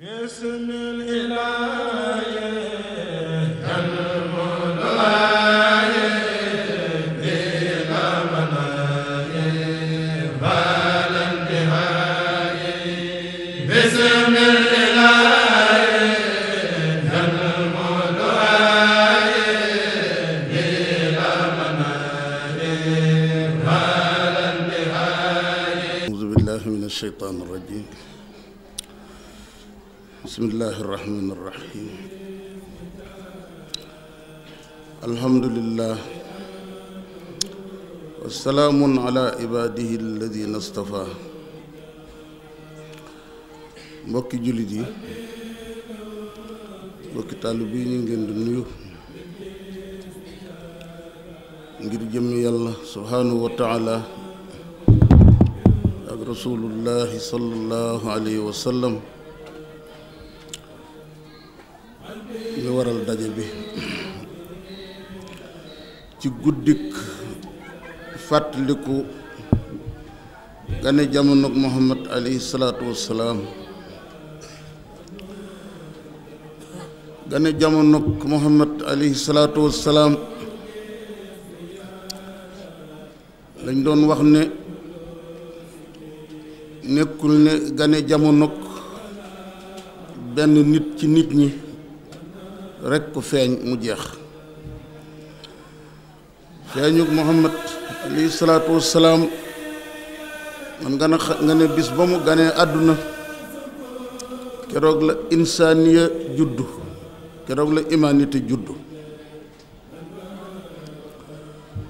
بسم الإله الله الرحمن الرحيم الحمد لله والسلام على عباده الذين اصطفى mbokki jullit yi mbokki taalib yi ñu ngeen di nuyu ngir jëm yàlla subhanahu wa taala ak rasulullahi sallallahu alayhi wa sallam guddik fàttaliku gane jamono muhammad alayhi salaatu wassalaam gane lañ doon wax ne nekkul ne gane jamonok benn nit ci nit ñi rekk ko feeñ mu jeex yaa ñug Muhammad alayhi salaatu wassalaam man nga nga ne bis ba mu ganee àdduna keroog la insaaniya juddu keroog la humanité juddu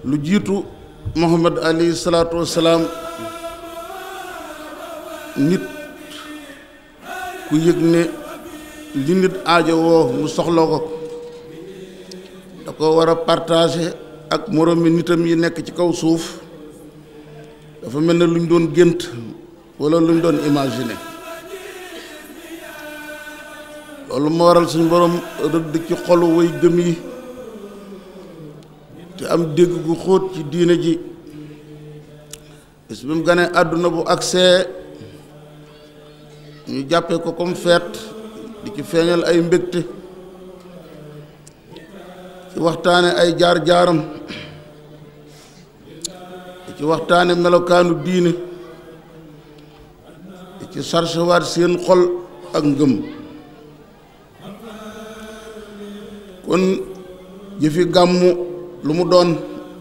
lu jiitu Muhammad alayhi salaatu wassalaam nit ku yëg ne li nit aajo woo mu soxla ko da ko war a partager ak moroomi nitam yi nekk ci kaw suuf dafa mel ne lu ñu doon gént wala lu ñu doon imaginer loolu moo waral suñ borom rëdd ci xolu way gëm yi te am dégg gu xóot ci diine ji bis bi mu ganee àdduna bu agsee ñu jàppee ko comme feet di ci feeñal ay mbégte ci waxtaane ay jaar-jaaram ci waxtaane melokaanu diine ci sarsewaat seen xol ak ngëm kon jëfi gàmmu lu mu doon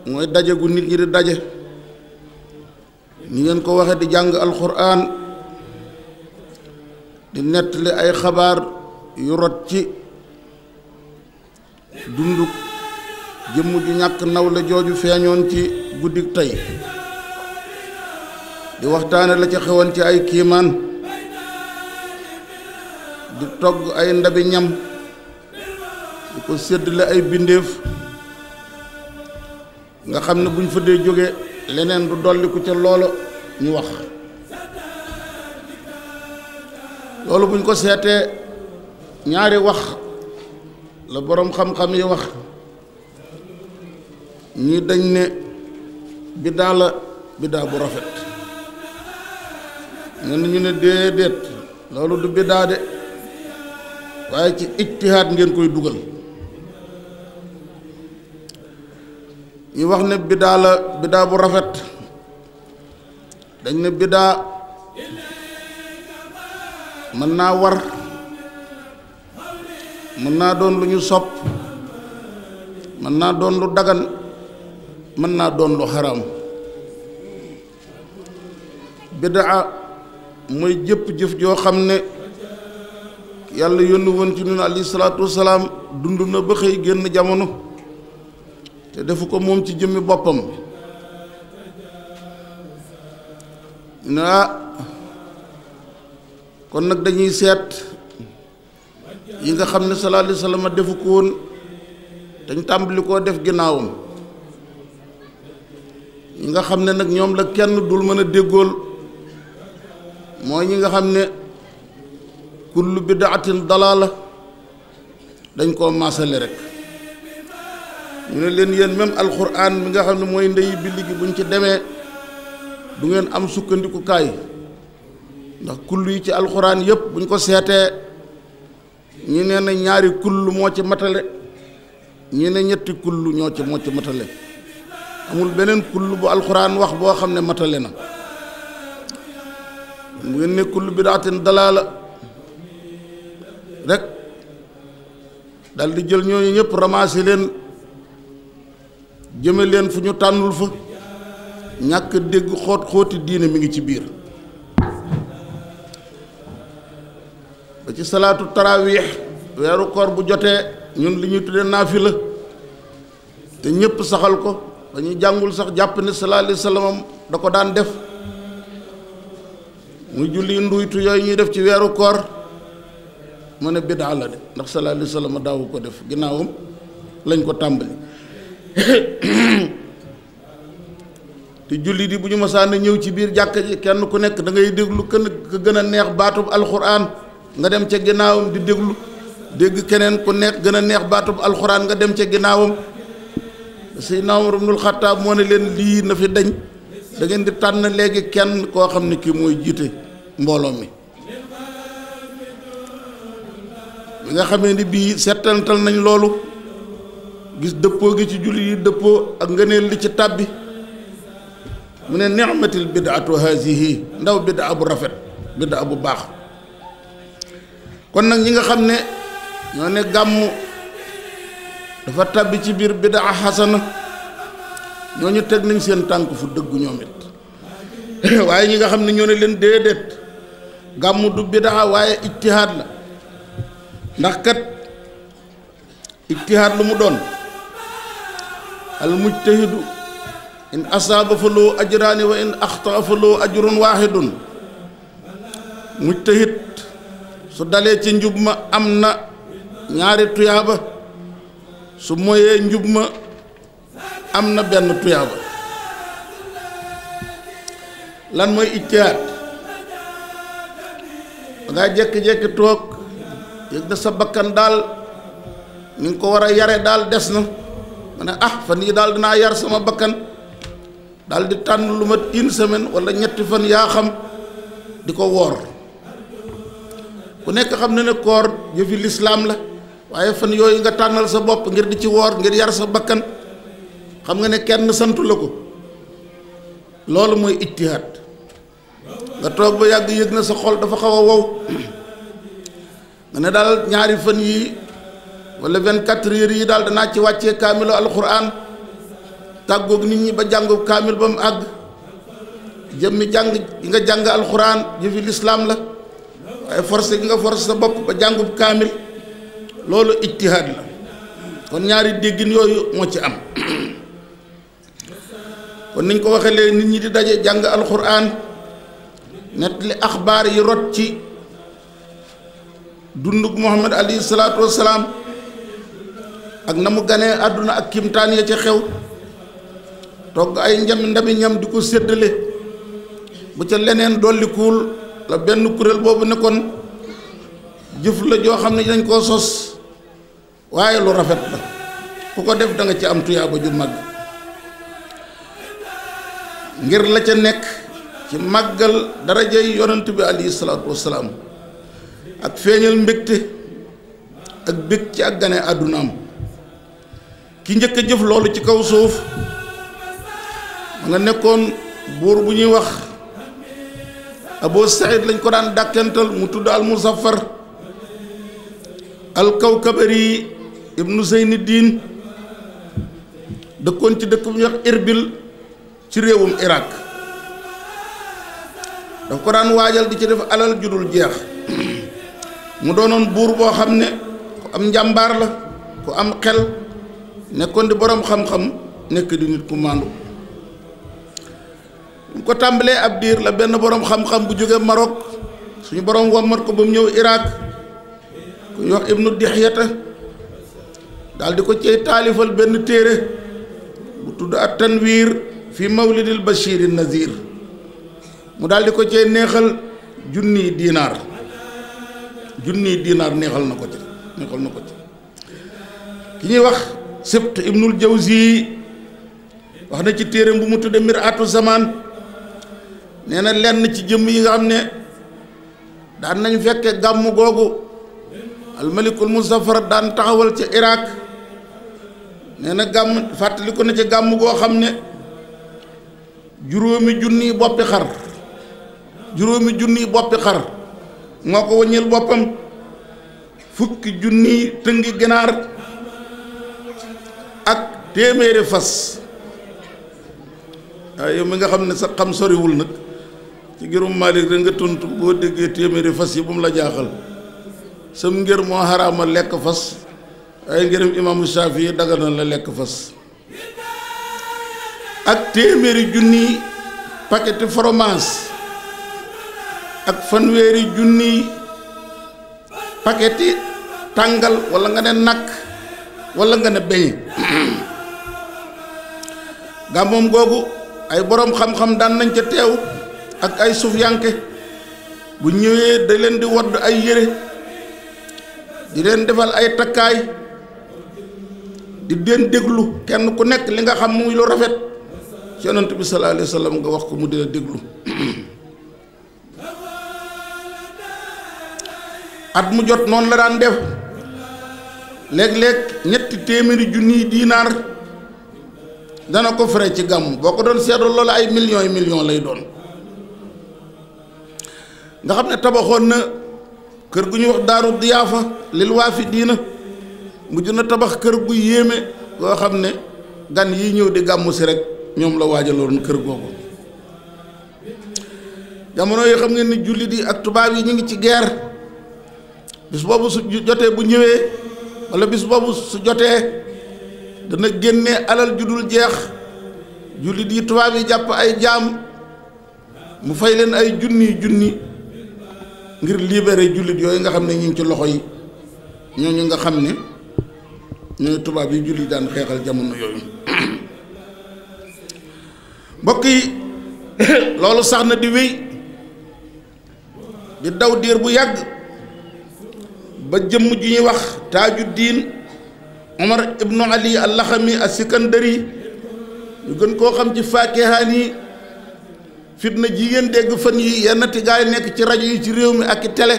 mooy daje gu nit ñi di daje ni ngeen ko waxee di jàng alxuraan di nettali ay xabaar yu rot ci dunduk jëmm ju ñàkk naw la jooju feeñoon ci guddik tey di waxtaane la ca xewoon ci ay kiimaan di togg ay ndabi ñam di ko séddale ay bindéef nga xam ne buñ fa dee jóge leneen du dolliku ca loola ñu wax loolu buñ ko seetee ñaari wax la boroom xam-xam yi wax ñu dañ ne biddaa la biddaa bu rafet ñenn ñu ne déedéet loolu du biddaa de waaye ci ijtihaad ngeen koy dugal ñu wax ne biddaa la biddaa bu rafet dañ ne biddaa mën naa war mën naa doon lu ñu sopp mën naa doon lu dagan mën naa doon lu xaraam bidaa mooy jëpp-jëf joo xam ne yàlla yónni woon ci ñun alayhi salaatu wasalaam dund na ba xëy génn jamono te defu ko moom ci jëmmi boppam naa ah, kon nag dañuy seet yi nga xam ne salaale alayhi wa sallam defu ko woon dañ tàmbali koo def ginnaawam ñi nga xam ne nag ñoom la kenn dul mën a déggool mooy ñi nga xam ne kullu bidaatin dalaala dañ koo maasale rek ñu ne leen yéen même alquran mi nga xam ne mooy ndeyu bi gi buñ ci demee du ngeen am sukkandikukaay ndax kullu yi ci alquran yëpp buñ ko seetee ñu nee na ñaari kull moo ci matale ñu ne ñetti kull ñoo ci moo ci matale amul beneen kull bu alxuraan wax boo xam ne matale na mu ngeen ne kull bidaatin dalaala rek dal di jël ñooñu ñëpp ramassé leen jëme leen fu ñu tànnul fa ñàkk dégg xoot xooti diine mi ngi ci biir ba ci salaatu taraawix weeru koor bu jotee ñun li ñuy tuddee naafila saxal ko dañuy jàngul sax jàpp ne sallallahu alayhi da ko daan def muy julli nduytu ñuy def ci weeru koor mu ne ndax sallallahu alayhi wa sallam ko def ginnaawam lañ ko tàmbali te julli di bu ñu masaana ñëw ci biir jàkka ji kenn ku nekk da ngay déglu kën ku gën a neex baatub alxuraan nga dem ca ginnaawam di déglu dégg keneen ku nekk gën a neex baatub alxuraan nga dem ca ginnaawam Seydina Umar ibnul Xattaab moo ne leen lii na fi dañ da ngeen di tànn léegi kenn koo xam ne kii mooy jiite mbooloo mi bi nga xamee ni bii settantal nañ loolu gis dëppoo gi ci julli yi dëppoo ak ngëneel li ci tàbbi mu ne ni'matil bid'atu hazihi ndaw bid'a bu rafet bid'a bu baax kon nag ñi nga xam ne ñoo ne gàmmu dafa tàbbi ci biir bidaa xasana ñooñu teg nañ seen tànk fu dëggu ñoom waaye ñi nga xam ne ñoo ne leen déedéet gàmmu du bidaa waaye ijtihaad la ndax kat ijtihaad lu mu doon al mujtahidu in asaaba fa loo ajraani wa in axtaa fa loo ajrun waaxidun mujtahid su dalee ci njub ma am na ñaari tuyaaba su moyee njub ma am na benn tuyaaba lan mooy ijtihaad dangay jékki-jékki toog yëg na sa bakkan daal ni nga ko war a yare daal des na ma ne ah fan yi daal dinaa yar sama bakkan daal di tànn lu mat une walla ñetti fan yaa xam di ko woor ku nekk xam na ne koor yëfi lislaam la waaye fan yooyu nga tànnal sa bopp ngir di ci woor ngir yar sa bakkan xam nga ne kenn santu la ko loolu mooy ijtihaad nga toog ba yàgg yëg na sa xol dafa xaw a wow nga ne daal ñaari fan yii walla vingt-quatre heures yi daal danaa ci wàccee kaamilu alxuraan tàggoog nit ñi ba jàngu kaamil ba mu àgg jëmmi jàng nga jàng alxuraan jëfi lislaam la waaye forcé gi nga forcé sa bopp ba bu kaamil loolu ijtihaad la kon ñaari déggin yooyu moo ci am kon niñ ko waxee léegi nit ñi di daje jàng alxuraan net li axbaar yi rot ci dundug Muhammad alayhi salaatu ak na mu ganee àdduna ak kimtaan ya ca xew togg ay njam ndami ñam di ko séddale bu ca leneen dollikuwul la benn kuréel boobu nekkoon jëf la joo xam ne dañ koo sos waaye lu rafet la ku ko def danga ci am tuyaaba ju màgg ngir la ca nekk ci màggal darajay yonent bi alayhi ak feeñal mbégte ak bég ci ak gane àddunaam ki njëkk jëf loolu ci kaw suuf ma nga nekkoon buur bu ñuy wax Abu Saïd lañ ko daan dàkkental mu tudd al Muzaffar al Kawkabari ibnu Zeyniddin dëkkoon ci dëkk bu ñuy wax Irbil ci réewum Irak daf ko daan waajal di ci def alal judul jeex mu doonoon buur boo xam ne ku am njàmbaar la ku am xel nekkoon di boroom xam-xam nekk di nit ku màndu mu ko tàmbalee ab diir la benn boroom xam-xam bu jóge Maroc suñu boroom wommat ko ba mu ñëw Irak ku ñu wax ibnu dixyata daal ko cey taalifal benn téere bu tudd at tanwiir fi mawlidil bashiri nazir mu daal di ko cey neexal junniy dinaar junniy diinaar neexal na ko ci ko ci ki ñuy wax sibt ibnul jawzi wax na ci téere bu mu tudde miraatu zamaan nee na lenn ci jëmm yi nga xam ne daan nañ fekke gàmm googu almalikul muzaffar daan taxawal ca Irak nee na gàmm fàttali ko na ci gàmm goo xam ne juróomi junni boppi xar juróomi junni boppi xar moo ko wëññil boppam fukki junni tëngi ginaar ak téeméeri fas waaye yow mi nga xam ne sa xam soriwul nag ci ngirum Malick rek nga boo déggee téeméeri fas yi bu mu la jaaxal sam ngir moo xaraama lekk fas ay ngirum imaamu Shaafi daganal la lekk fas ak téeméeri junni paqueti fromage ak fanweeri junni paqueti tàngal walla nga ne nakk walla nga ne beñe gàmmoom googu ay boroom xam-xam daan nañ ca teew ak ay sufyanke bu ñëwee da leen di wadd ay yére di leen defal ay takkaay di leen déglu kenn ku nekk li nga xam muy lu rafet ci yonent bi sallallahu alayhi wa nga wax ko mu di la déglu at mu jot noonu la daan def léeg-léeg ñetti téeméeri junniy diinaar dana ko fere ci gàmm boo ko doon seetlu loolu ay millions yi millions lay doon nga xam ne tabaxoon na kër gu ñuy wax daaru diyaafa lil waa fi diina mujj na tabax kër guy yéeme goo xam ne gan yi ñëw di gàmmu si rek ñoom la waajaloon kër googu jamono yi xam ngeen ni jullit yi ak tubaab yi ñu ngi ci guerre bis boobu su jotee bu ñëwee walla bis boobu su jotee dana génnee alal ju dul jeex jullit yi tubaab yi jàpp ay jaam mu fay leen ay junni junni ngir libérer jullit yooyu nga xam ne ñu ngi ci loxo yi ñooñu nga xam ne ñooy tubaab yi jullit daan xeexal jamono yooyu mbokk yi loolu sax na di wéy di daw diir bu yàgg ba jëmm ju ñuy wax taaju diin Omar ibnu Ali al-Laxami as-Sikandari ñu gën koo xam ci faakihaan yi fitna ji ngeen dégg fan yi yenn ti gaa yi nekk ci rajo yi ci réew mi ak i télé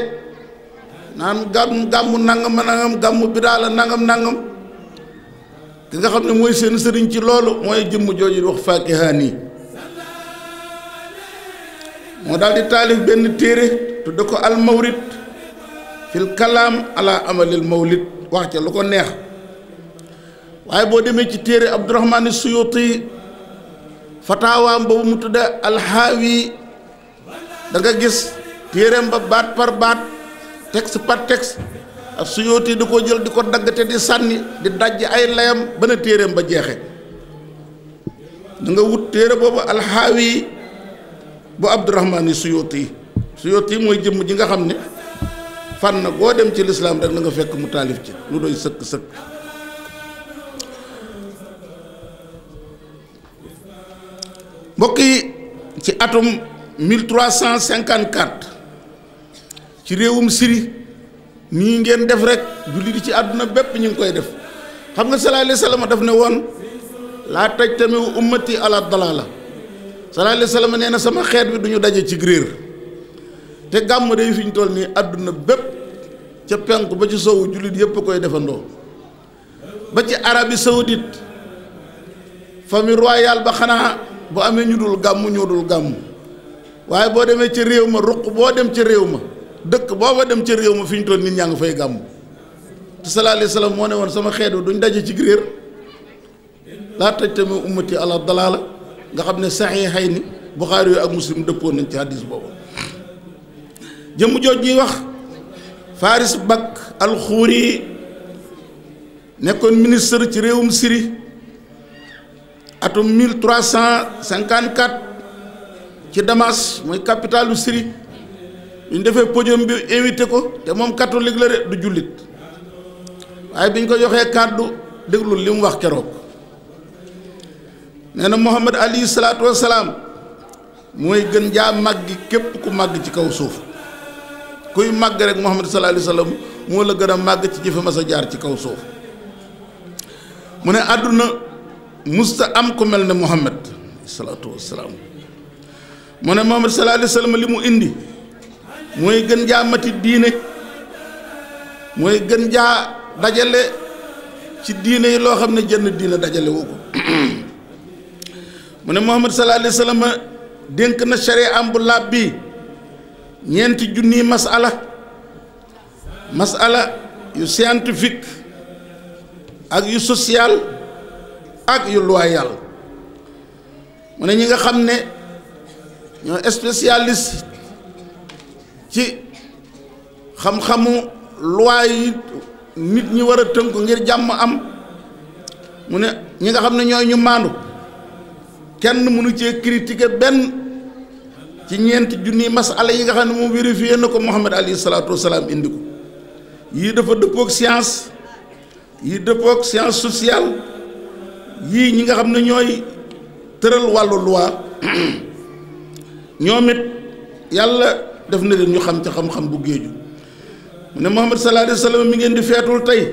naan gàmm gàmmu nangam nangam gàmmu bidaa la nangam nangam ki nga xam ne mooy seen sëriñ ci loolu mooy jëmm jooju wax faakihaan yi moo daldi di taalif benn téere tudde ko al fil kalaam ala amalil mawlid wax ca lu ko neex waaye boo demee ci téere Abdurahmaan Suyuuti fataawaam boobu mu tudde alxaawi da gis téeréem ba baat par baat texte par texte ak di ko jël di ko dagg te di sànni di dajj ay layam ba na ba jeexe da nga wut téere boobu alxaawi bu Abdurahmaan yi Suyuti Suyuti mooy jëmm ji nga xam ne fan fànn goo dem ci lislaam rek na nga fekk mu taalif ci lu doy sëkk sëkk mbokk yi ci atum 1354 ci réewum Syrie nii ngeen def rek jullit yi ci àdduna bépp ñu ngi koy def xam nga sallallahu alayhi wa sallam daf ne woon laa tajtami ummati ala dalala sallallahu alayhi wa sallam nee na sama xeet bi du daje ci réer te gàmm day fi ñu toll nii àdduna bépp ca penku ba ci sowu jullit yëpp koy defandoo ba ci Arabie Saoudite famille royale ba xanaa. bu amee ñu dul gàmm ñu dul gàmm waaye boo demee ci réew ma ruq boo dem ci réew ma dëkk booba dem ci réew ma fi ñu toll nit ñaa ngi fay gàmm te sallallahu alayhi wasallam moo ne woon sama xeetu duñ daje ci réer laa taj tamit ummati ala dalaala nga xam ne saxiixay ni buxaari yu ak muslim dëppoon nañ ci hadis boobu jëm jooj ñuy wax Faris bag alxuuri nekkoon ministre ci réewum siri atum 1354 ci Damas mooy capitalu Syrie bi ñu defee podium bi invité ko te moom catholique la de du jullit waaye bi ñu ko joxee kàddu déglul li mu wax keroog nee na Muhammad alayhi salaatu wasalaam mooy gën jaa màgg képp ku màgg ci kaw suuf kuy màgg rek Muhammad sallallahu alayhi wasallam moo la gën a màgg ci jëfe ma sa jaar ci kaw suuf mu ne àdduna musta am ku mel ne Muhammad salaatu wasalaam mu ne Muhammad sallallahu li mu indi mooy gën jaa mati diine mooy gën jaa dajale ci diine yi loo xam ne jënn diine dajale woo ko mu ne Muhammad sallallahu alayhi wa dénk na sharia bu laab bi ñeenti junniy masala masala yu scientifique ak yu social ak yu yàlla mu ne ñi nga xam ne ñoo spécialiste ci xam-xamu loi yi nit ñi war a tënku ngir jàmm am mu ne ñi nga xam ne ñooy ñu maandu kenn mënu cee critiquer benn ci ñeenti junniy masala yi nga xam ne moom vérifié na ko Muhammad alayhi salaatu wasalaam indi ko yii dafa dëppoog science yii dëppoog science sociale yii ñi nga xam ne ñooy tëral wàllu loi ñoom it yàlla def na leen ñu xam ca xam-xam bu géeju mu ne Muhammad sallallahu alayhi wa mi ngeen di feetul tey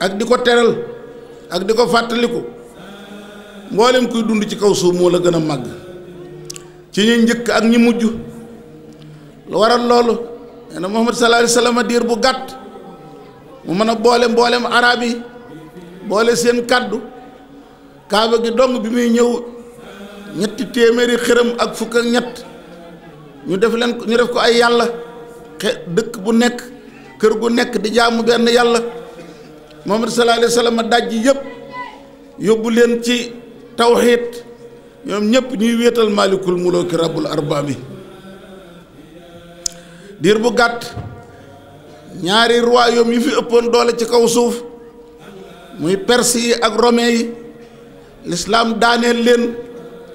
ak di ko teral ak di ko fàttaliku mboolem kuy dund ci kaw suuf moo la gën a màgg ci ñi njëkk ak ñi mujj lu waral loolu nee na Muhammad sallallahu alayhi wa diir bu gàtt mu mën a boole mboolem araab yi boole seen kàddu kaaba gi dong bi muy ñëw ñetti téeméeri xërëm ak fukk ak ñett ñu def leen ñu def ko ay yàlla dëkk bu nekk kër gu nekk di jaamu benn yàlla Muhammad sallallahu alayhi wa sallam daj yëpp yóbbu leen ci tawxiid ñoom ñëpp ñuy wéetal maalikul mulooki rabbul arbaabi diir bu gàtt ñaari royaume yi fi ëppoon doole ci kaw suuf muy perse yi ak romain yi lislaam daaneel leen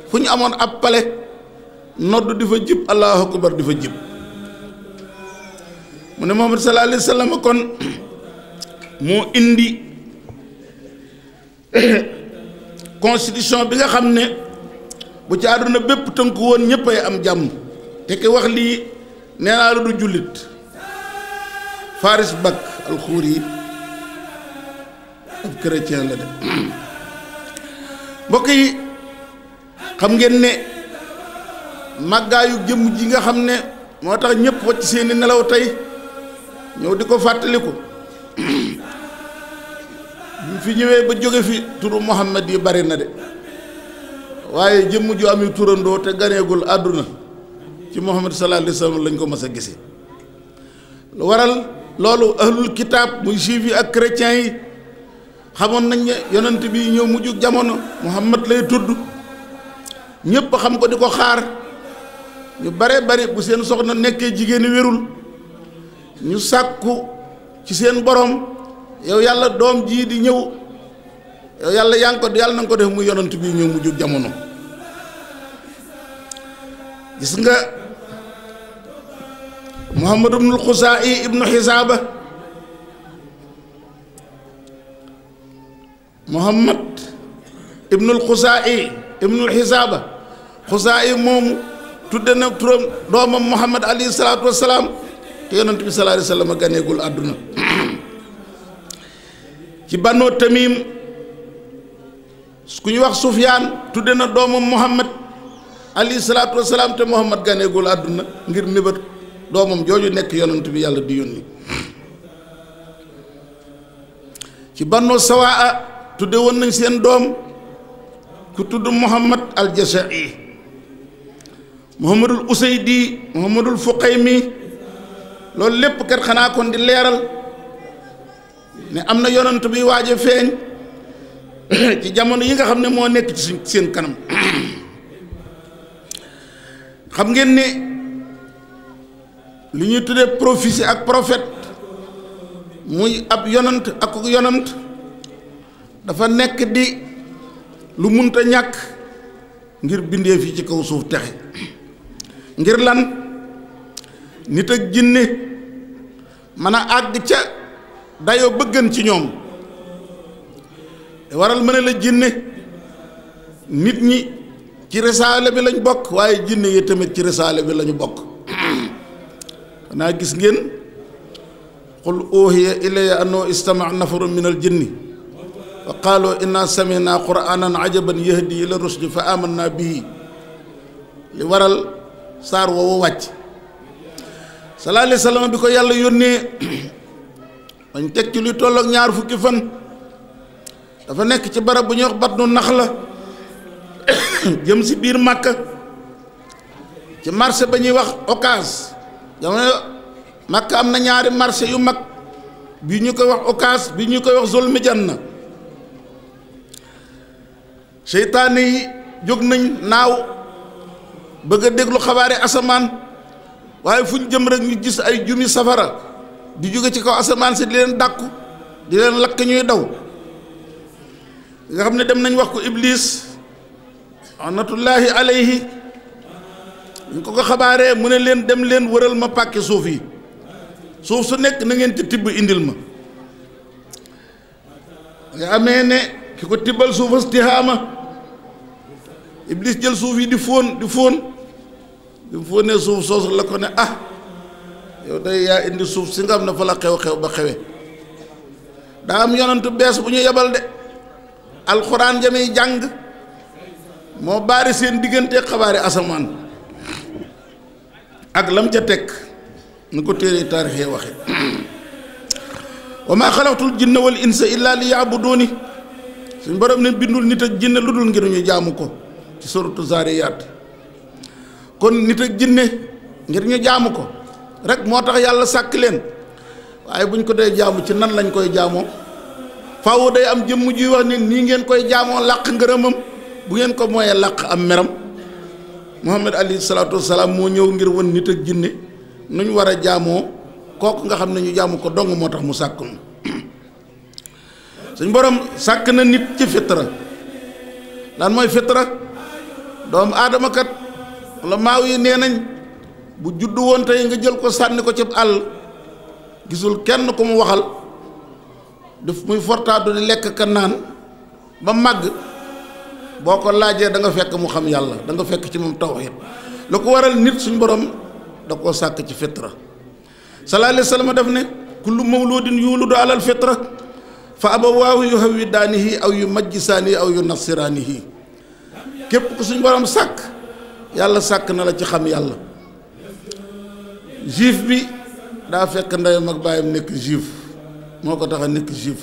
fu ñu amoon ab pale nodd di fa jib allahu akbar di fa jib mu ne Muhammad sallallahu alayhi wa kon moo indi constitution bi nga xam ne bu ci àdduna bépp tënku woon ñëpp ay am jàmm te ki wax lii nee naa la du jullit Faris Bak alxuur yi ab chrétien la de mbokk yi xam ngeen ne màggaayu jëmm ji nga xam ne moo tax ñëpp wacc seeni nelaw tey ñëw di ko fàttaliku fi ñëwee ba jóge fi turu Muhammad yi bari na de waaye jëmm ju am yu turandoo te ganeegul àdduna ci Muhammad sallallahu alayhi wasallam lañ ko mës a gisee lu waral loolu ahlul kitaab muy juif yi ak chrétiens yi xamoon nañ ne yonent bi ñëw mujj jamono Muhammad lay tudd ñëpp xam ko di ko xaar ñu bare bari bu seen soxna nekkee jigéen wérul ñu sàkku ci seen boroom yow yàlla doom jii di ñëw yow yàlla yaa ngi ko yàlla na nga ko def muy yonent bi ñëw mujj jamono gis nga Muhammad ibnul Xusaa'i ibnu Xisaaba muhammad ibnul xusaayi ibnul xisaaba xusaayi moomu tudde na turam doomam muhammad alayhi salaatu wasalaam te yonent bi sallallahu alayhi ganeegul àdduna ci bannoo tamim ku ñu wax sufyaan tudde na doomam muhammad alayhi salaatu wasalaam te muhammad ganeegul àdduna ngir mébét doomam jooju nekk yonent bi yàlla di yónni ci bannoo sawaa tudde woon nañ seen doom ku tudd Muhammad al-Jazaï Muhammadul Usaydi Muhammadul Fuqaymi loolu lépp kat xanaa kon di leeral ne am na yonent bi waaj feeñ ci jamono yi nga xam ne moo nekk ci seen kanam xam ngeen ne li ñuy tuddee prophétie ak prophète muy ab yonent ak yonent dafa nekk di lu munta ñàkk ngir bindee fi ci kaw suuf texe ngir lan nit ak jinne mën a àgg ca dayoo bëggan ci ñoom waral mën a la jinne nit ñi ci risaale bi lañ bokk waaye jinne yi tamit ci risaale bi lañu bokk xanaa gis ngeen qul uuhiya ilayya annoo istama'a nafarun minal jinni wa qaalu inna samina quraanan ajaban yahdi ila rusdi fa amanna bihi li waral saar woowu wàcc sallallahu alayhi wa bi ko yàlla yónnee bañ teg ci lu tolloog ñaar fukki fan dafa nekk ci barab bu ñuy wax nax la jëm si biir màkk ci marché ba ñuy wax Ocass jamono Màkka am na ñaari marché yu mag bii ñu koy wax Ocass bi ñu koy wax Zul na seytaane yi jóg nañ naaw bëgg a déglu xabaari asamaan waaye fu ñu jëm rek ñu gis ay jumi safara di jóge ci kaw asamaan si di leen dàkku di leen lakk ñuy daw nga xam ne dem nañ wax ko ibliis anatullahi alayhi ñu ko ko xabaaree mu ne leen dem leen wëral ma pàkki suuf yi suuf su nekk na ngeen ci tibb indil ma nga amee ne ki ko tibbal suufas tihaama iblis jël suuf yi di fóon di fóon bi fóonee suuf soosu la ko ne ah yow day yaa indi suuf si nga am ne fa la xew-xew ba xewe daa am yonantu bees bu ñu yebal de alxuraan jamay jàng moo baari seen diggante xabaari asamaan ak lam ca teg nu ko téere taarixee waxe wa maa xalaqtul jinna wal insa illaa li yaabuduuni suñ borom ne bindul nit ak jinne lu dul ngir ñu jaamu ko ci suratu zaariyaat kon nit ak jinne ngir ñu jàmm ko rek moo tax yàlla sàkk leen waaye bu ñu ko dee jàmm ci nan lañ koy jàmmoo faaw day am jëmm juy wax ne nii ngeen koy jaamoo làq ngërëmam bu ngeen ko mooyee làq am meram muhammad alayhi salaatu wasalaam moo ñëw ngir won nit ak jinne nu ñu war a jaamoo kooku nga xam ne ñu jaamu ko dong moo tax mu sàkk nu suñ borom sàkk na nit ci fitra lan mooy fitra doomu aadama kat la maaw yi nee nañ bu juddu woon tey nga jël ko sànni ko ci àll gisul kenn ku mu waxal daf muy fortaatu di lekk ka naan ba màgg boo ko laajee da nga fekk mu xam yàlla danga nga fekk ci moom taw tawxiid lu ko waral nit suñ borom da koo sàkk ci fitra sallallahu alayhi wa sallam daf ne kullu mawludin yuuludu alal fitra fa waaw abawaahu yuhawwidaanihi aw yu yumajjisaanihi aw yunassiraanihi képp ku suñ borom sàkk yàlla sàkk na la ci xam yàlla juif bi daa fekk ndeyam ak baayam nekk juif moo ko tax a nekk juif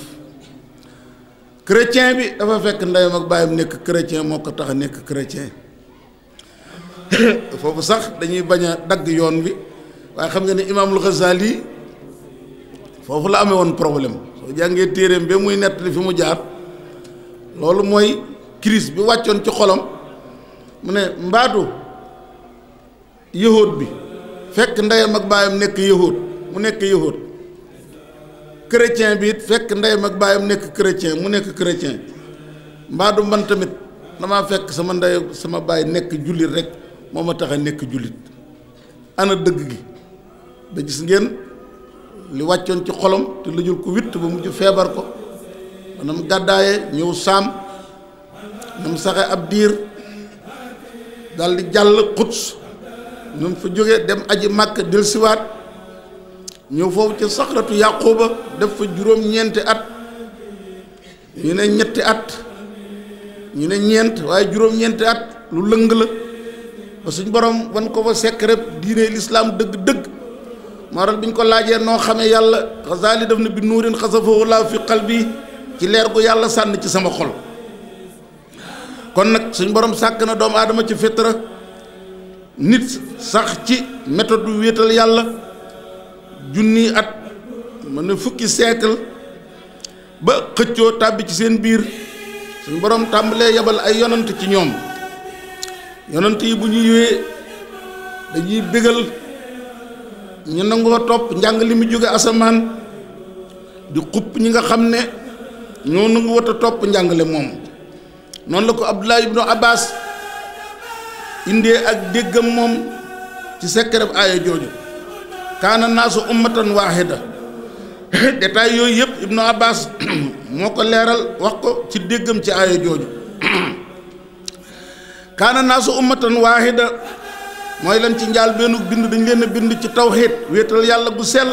chrétien bi dafa fekk ndeyam ak baayam nekk chrétien moo ko tax a nekk chrétien foofu sax dañuy bañ a dagg yoon bi waaye xam nga ne imaamul Ghazali foofu la amee woon problème soo jàngee téeréem ba muy nettali fi mu jaar loolu mooy crise bi wàccoon ci xolam mu ne mbaatu yëhóot bi fekk ndeyam ak baayam nekk yëhóot mu nekk yëhóot chrétien bi it fekk ndeyam ak baayam nekk chrétien mu nekk chrétien mbaadu man tamit dama fekk sama ndey sama baay nekk jullit rek moo ma taxe nekk jullit ana dëgg gi ba gis ngeen li wàccoon ci xolom te lëjul ko witt ba mujj feebar ko manam gàddaaye ñëw saam nam saxe ab diir dal di jàll Quds ñu fa jógee dem aji màkk dellusiwaat ñëw foofu ci saxratu yàquba def fa juróom-ñeenti at ñu ne ñetti at ñu ne ñeent waaye juróom-ñeenti at lu lëng la ba suñ borom wan ko fa sekk rek diine lislaam dëgg-dëgg moo tax bi ñu ko laajee noo xamee yàlla xasaali def na bi nuurin xasafahu laa fi bi ci leer gu yàlla sànn ci sama xol kon nag suñ borom sàkk na doomu adama ci fitra nit sax ci méthode bu wéetal yàlla junni at mën na fukki siècle ba xëccoo tàbbi ci seen biir suñ borom tàmbalee yebal ay yonant ci ñoom yonant yi bu ñu ñëwee dañuy bégal ñu nangoo topp njàng li mu jóge asamaan di xupp ñi nga xam ne ñoo nangu wat a topp njàngale moom noonu la ko abdullah ibnu abbas indee ak déggam moom ci sekkareb aaya jooju kaana naasu ummatan waahida détail yooyu yëpp ibnu abbas moo ko leeral wax ko ci déggam ci aaya jooju kaana naasu ummatan waahida mooy lan ci njaal bennu bind dañ leen bind ci tawxiid wéetal yàlla bu sell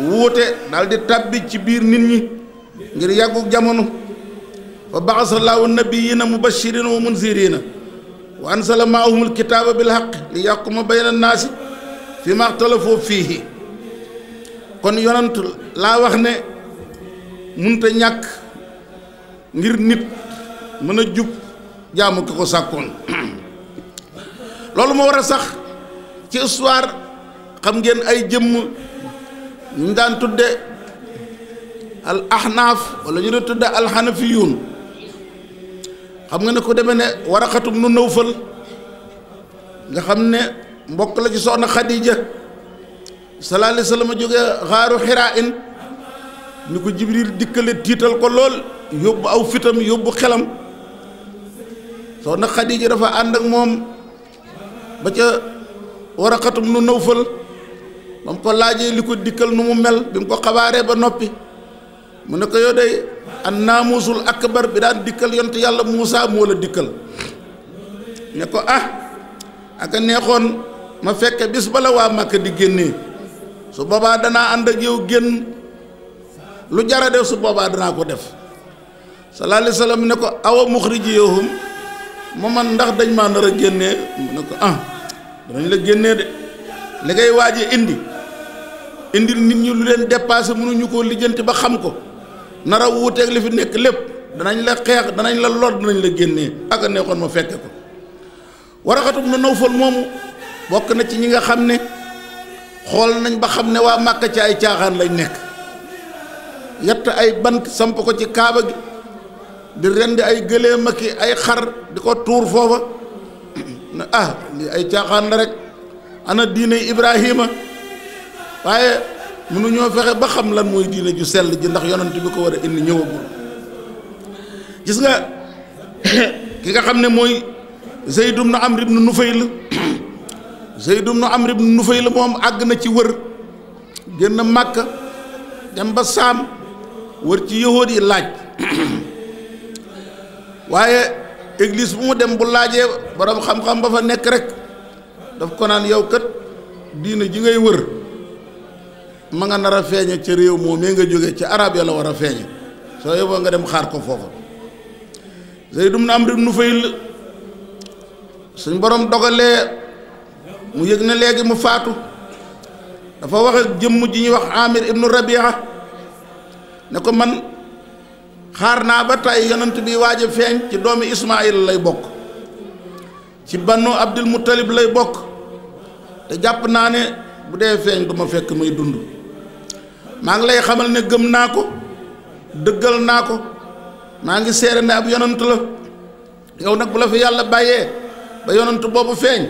wuute daldi di ci biir nit ñi ngir yàggu jamono wa baasa laahu nabiyina mubashirina wa munzirina wa ansala maahum alkitaaba bilxaq li yàquma bayna annaasi fi ma axtalafoo fiihi kon yonant laa wax ne munta ñàkk ngir nit mën a jub jaamu ki ko sàkkoon loolu moo war a sax ci histoire xam ngeen ay jëmm ñu daan tudde al ahnaaf wala ñu daan tudde al xam nga ne ko deme ne waraxatum nu nawfal nga xam ne mbokk la ci soxna Xadija sallallahu alayhi wa sallam a jógee xaaru xiraa in ñu ko jibril dikkale tiital ko lool yóbbu aw fitam yóbbu xelam soxna Xadija dafa ànd ak moom ba ca waraxatum nu nawfal ba mu ko laajee li ko dikkal nu mu mel bi mu ko xabaaree ba noppi mu ne ko yow day an ak akbar bi daan dikkal yont yàlla Muusa moo la dikkal ne ko ah aka neexoon ma fekke bis bala waa Màkka di génnee su boobaa danaa ànd ak yow génn lu jara def su boobaa danaa ko def sallallahu alayhi wa mu ne ko awa muxrijiyahum mu man ndax dañ maa nar a génnee mu ne ko ah danañ la génnee de li waaje indi indi nit ñi lu leen dépassé mënuñu ko lijjanti ba xam ko nar a wuuteeg li fi nekk lépp danañ la xeex danañ la lor danañ la génnee ak a neexoon ma fekke ko Waraxatu ibn Nawfal moomu bokk na ci ñi nga xam ne xool nañ ba xam ne waa màkk ci ay caaxaan lañ nekk yett ay bant samp ko ci kaaba gi di rendi ay gëléem ak ay xar di ko tuur foofa ah lii ay caaxaan la rek ana diine Ibrahima waaye mënuñoo fexe ba xam lan mooy diine ju sell ji ndax yonent bi ko war a indi ñëwagul gis nga ki nga xam ne mooy Zayd ibn Amr ibn Nufayl Zayd ibn Amr ibn Nufayl moom àgg na ci wër génn Màkka dem ba Saam wër ci yahood yi laaj waaye église bu mu dem bu laajee borom xam-xam ba fa nekk rek daf ko naan yow kat diine ji ngay wër ma nga nar a feeñe ca réew moom mee nga jóge ci arab ya la war a feeñe soo yóbboo nga dem xaar ko foofu Zayd ibn Amr ibn Nufayl suñ borom dogalee mu yëg ne léegi mu faatu dafa wax jëmm ji ñuy wax Amir ibnu Rabia ne ko man xaar naa ba tey yonent bi waaj feeñ ci doomi Ismaayil lay bokk ci bannu Abdul Muttalib lay bokk te jàpp naa ne bu dee feeñ du fekk muy dund maa ngi lay xamal ne gëm naa ko dëggal naa ko maa ngi seere ne ab yonant la yow nag bu la fi yàlla bàyyee ba yonant boobu feeñ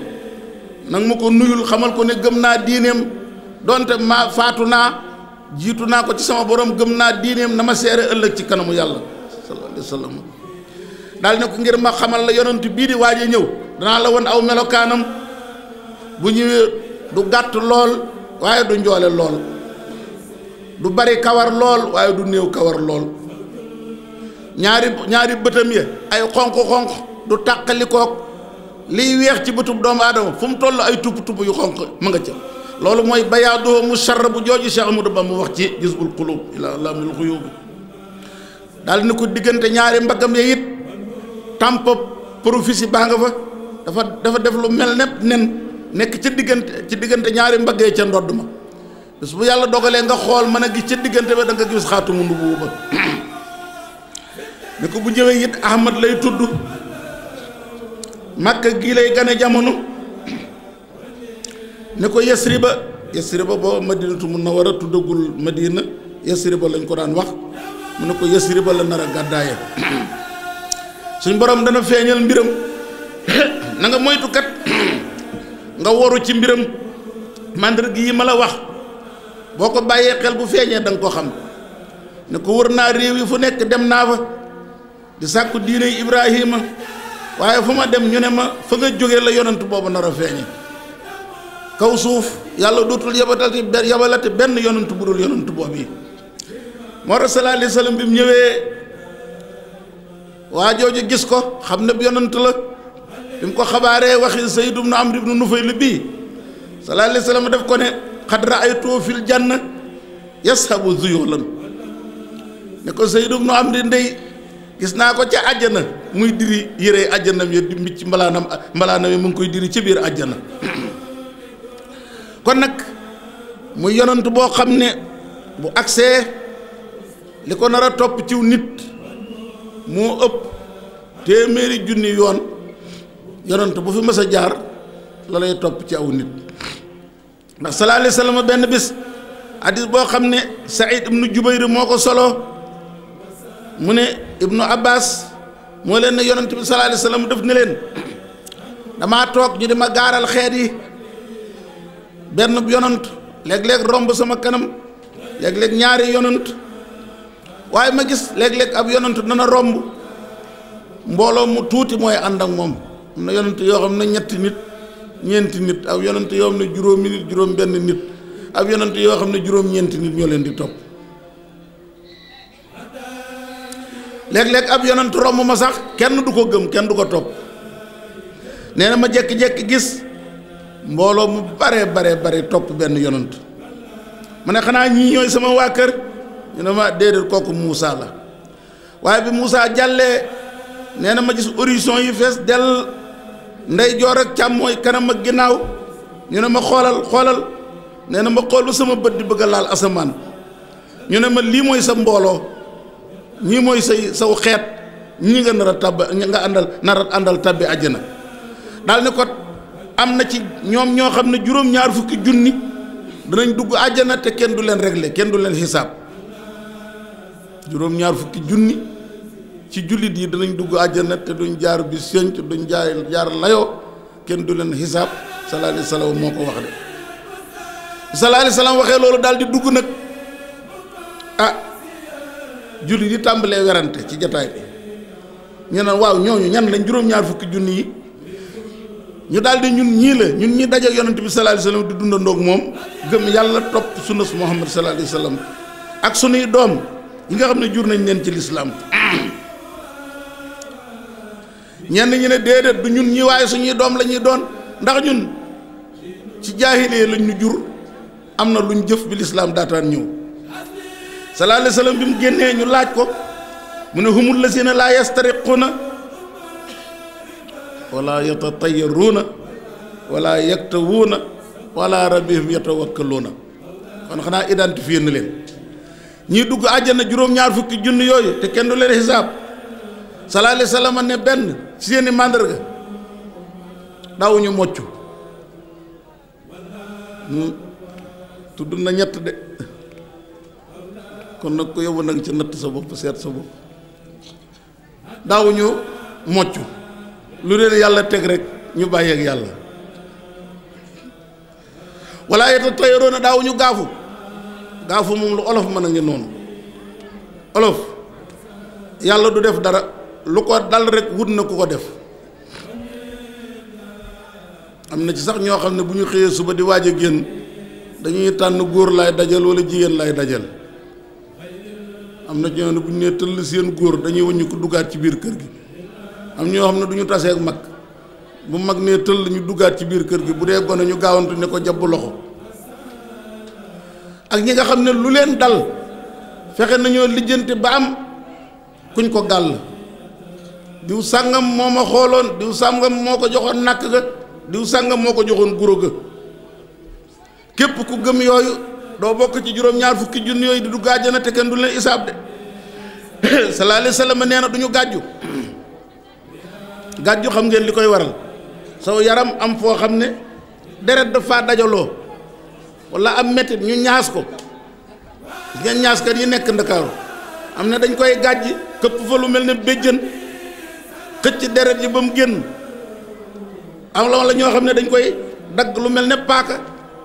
nag ma ko nuyul xamal ko ne gëm naa diineem donte maa faatu naa jiitu naa ko ci sama borom gëm naa diineem na ma seere ëllëg ci kanamu yàlla sallallahu alayhi ne ko ngir ma xamal la yonant bii di waaj a ñëw danaa la won aw melokaanam bu ñëwee du gàtt lool waaye du njoole lool du bari kawar lool waaye du néew kawar lool ñaari ñaari bëtam ya ay xonq-xonq du tàqalikook liy weex ci bëtub doomu aadama fu mu toll ay tupp-tupp yu xonq ma nga ca loolu mooy bayaaduhu musharrabu jooju Cheikh Amadou Ba mu wax ci juzbul qulub ila alamul xuyubi ni ko diggante ñaari mbaggam ya it tàmp profisi baa nga fa dafa dafa def lu mel ne nen nekk ca diggante ci diggante ñaari mbaggee ca ndodd ma bis bu yàlla dogalee nga xool mën a gis ca diggante ba da gis xaatu mu ndubu ba ne ko bu jëwe yit ahmad lay tudd màkka gii lay gane jamono ne ko yasriba yasriba boo madinatu mun na war a tuddagul madina yasriba lañ ko daan wax mu ne ko yasriba la nar a gàddaaya suñ borom dana feeñal mbiram nanga moytukat nga waru ci mbiram màndarga yi ma la wax boo ko bàyyee xel bu feeñee danga nga ko xam ne ko wër naa réew yi fu nekk dem naa fa di sàkku diine Ibrahima waaye fu ma dem ñu ne ma fa nga jóge la yonent boobu nar kaw suuf yàlla dootul yabalati yabalati benn yonent bu dul yonent boobu yi moo tax sallallahu alayhi wasallam bi mu ñëwee waa jooju gis ko xam ne yonent la bi mu ko xabaaree waxi Sayd ibn Amr nu Nufayl bii sallallahu alayhi wasallam def ko ne xad raaytoo fil janna yashabu zuyulan ne ko Seydou nu am di ndey gis naa ko ca àjjana muy diri yére àjjanam ya di mbicc mbalaanam mbalaanam yi mu ngi koy diri ci biir àjjana kon nag muy yonant boo xam ne bu agsee li ko nar a topp ciw nit moo ëpp téeméeri junni yoon yonant bu fi mës jaar lalay topp ci aw nit ndax sallallahu alayhi wa sallam benn bis hadis boo xam ne Saïd ibnu Jubayr moo ko solo mu ne ibnu Abbas moo leen ne yonent bi sallallahu alayhi wa def ne leen damaa toog ñu di ma gaaral xeet yi benn yonant léeg-léeg romb sama kanam léeg-léeg ñaari yonant waaye ma gis léeg-léeg ab yonent dana romb mbooloo mu tuuti mooy ànd ak moom am na yonent yoo xam ne ñetti nit. ñeenti nit ak yonent yoo xam ne juróomi nit juróom ak yonent yoo xam ne juróom ñeenti nit ñoo leen di topp léeg-léeg ab yonent romb ma sax kenn du ko gëm kenn du ko topp nee na ma jekki-jekki gis mbooloo mu bare bare bare topp benn yonent ma ne xanaa ñii ñooy sama waa kër ñu ne ma déedéet kooku muusaa la waaye bi Moussa jàllee nee ma gis horizon yi fees dell ndeyjoor ak càmmooy kanam ak ginnaaw ñu ne ma xoolal xoolal nee na ma xool sama bët di bëgg laal asamaan ñu ne ma lii mooy sa mbooloo ñii mooy sa saw xeet ñi nga nar a tàbb nga àndal nar a àndal tàbbi àjjana daal ne ko am na ci ñoom ñoo xam ne juróom-ñaar fukki junni danañ dugg àjjana te kenn du leen réglé kenn du leen xisaab juróom-ñaar fukki junni ci jullit yi danañ dugg àjjana te duñ jaar bi sëñ te duñ jaay jaar layoo kenn du leen xisaab sallallahu alayhi moo ko wax de sallallahu alayhi waxee loolu daal di dugg nag ah jullit yi tàmbalee werante ci jataay bi ñu waaw ñooñu ñan lañ juróom-ñaar fukki junni yi ñu daal di ñun ñii la ñun ñi daje yonent bi sallallahu alayhi di dundandoog moom gëm yàlla topp sunna su Muhammad sallallahu alayhi sallam ak sunuy doom yi nga xam ne jur nañ leen ci lislaam ñenn ñi ne déedéet du ñun ñi waaye suñuy doom lañuy doon ndax ñun ci jaahiliya lañ ñu jur am na luñ jëf bi lislaam daataan ñëw salaale alayhi wasallam bi ñu laaj ko mu ne humul lazina laa yastariquuna wala yatatayaruuna wala yaktawuuna wala rabbihim yatawakkaluuna kon xanaa identifié na leen ñiy dugg àjjana juróom-ñaar fukki junni yooyu te kenn du leen xisaab sallallahu alayhi ne benn seeni màndarga daawuñu mocc tudd na ñett de kon nag ko yóbbu nag ci natt sa bopp seet sa bopp daawuñu mocc lu leen yàlla teg rek ñu bàyyeek yàlla walla yetta tayaroona daawuñu gaafu gaafu moom lu olof mën a ngi noonu olof yàlla du def dara lu ko dal rek wut na ku ko def am na ci sax ñoo xam ne bu ñu xëyee suba di waaj génn dañuy tànn góor laay dajal wala jigéen laay dajal am na ci ñoo xam ne bu ñu nee tëll seen góor dañuy wëññi ko duggaat ci biir kër gi am ñoo xam ne du ñu tasee mag bu mag nee tëll ñu duggaat ci biir kër gi bu dee gone ñu gaawantu ne ko jàpp loxo ak ñi nga xam ne lu leen dal fexe nañoo lijjante ba am kuñ ko gàll. diw sàngam moo ma xooloon diw sàngam moo ko joxoon nàkk ga diw sàngam moo ko joxoon guro ga képp ku gëm yooyu doo bokk ci juróom-ñaar fukki junni yooyu di du gàjjana te kenn du leen isaab de sallallahu alayhi wa sallam na du ñu gàjju gàjju xam ngeen li koy waral saw yaram am foo xam ne deret dafa dajaloo wala am métit ñu ñaas ko ngeen ñaaskat yi nekk ndakaaru am na dañ koy gàjji këpp fa lu mel ne béjjën xëcc deret yi ba mu génn am la la ñoo xam ne dañ koy dagg lu mel ne paaka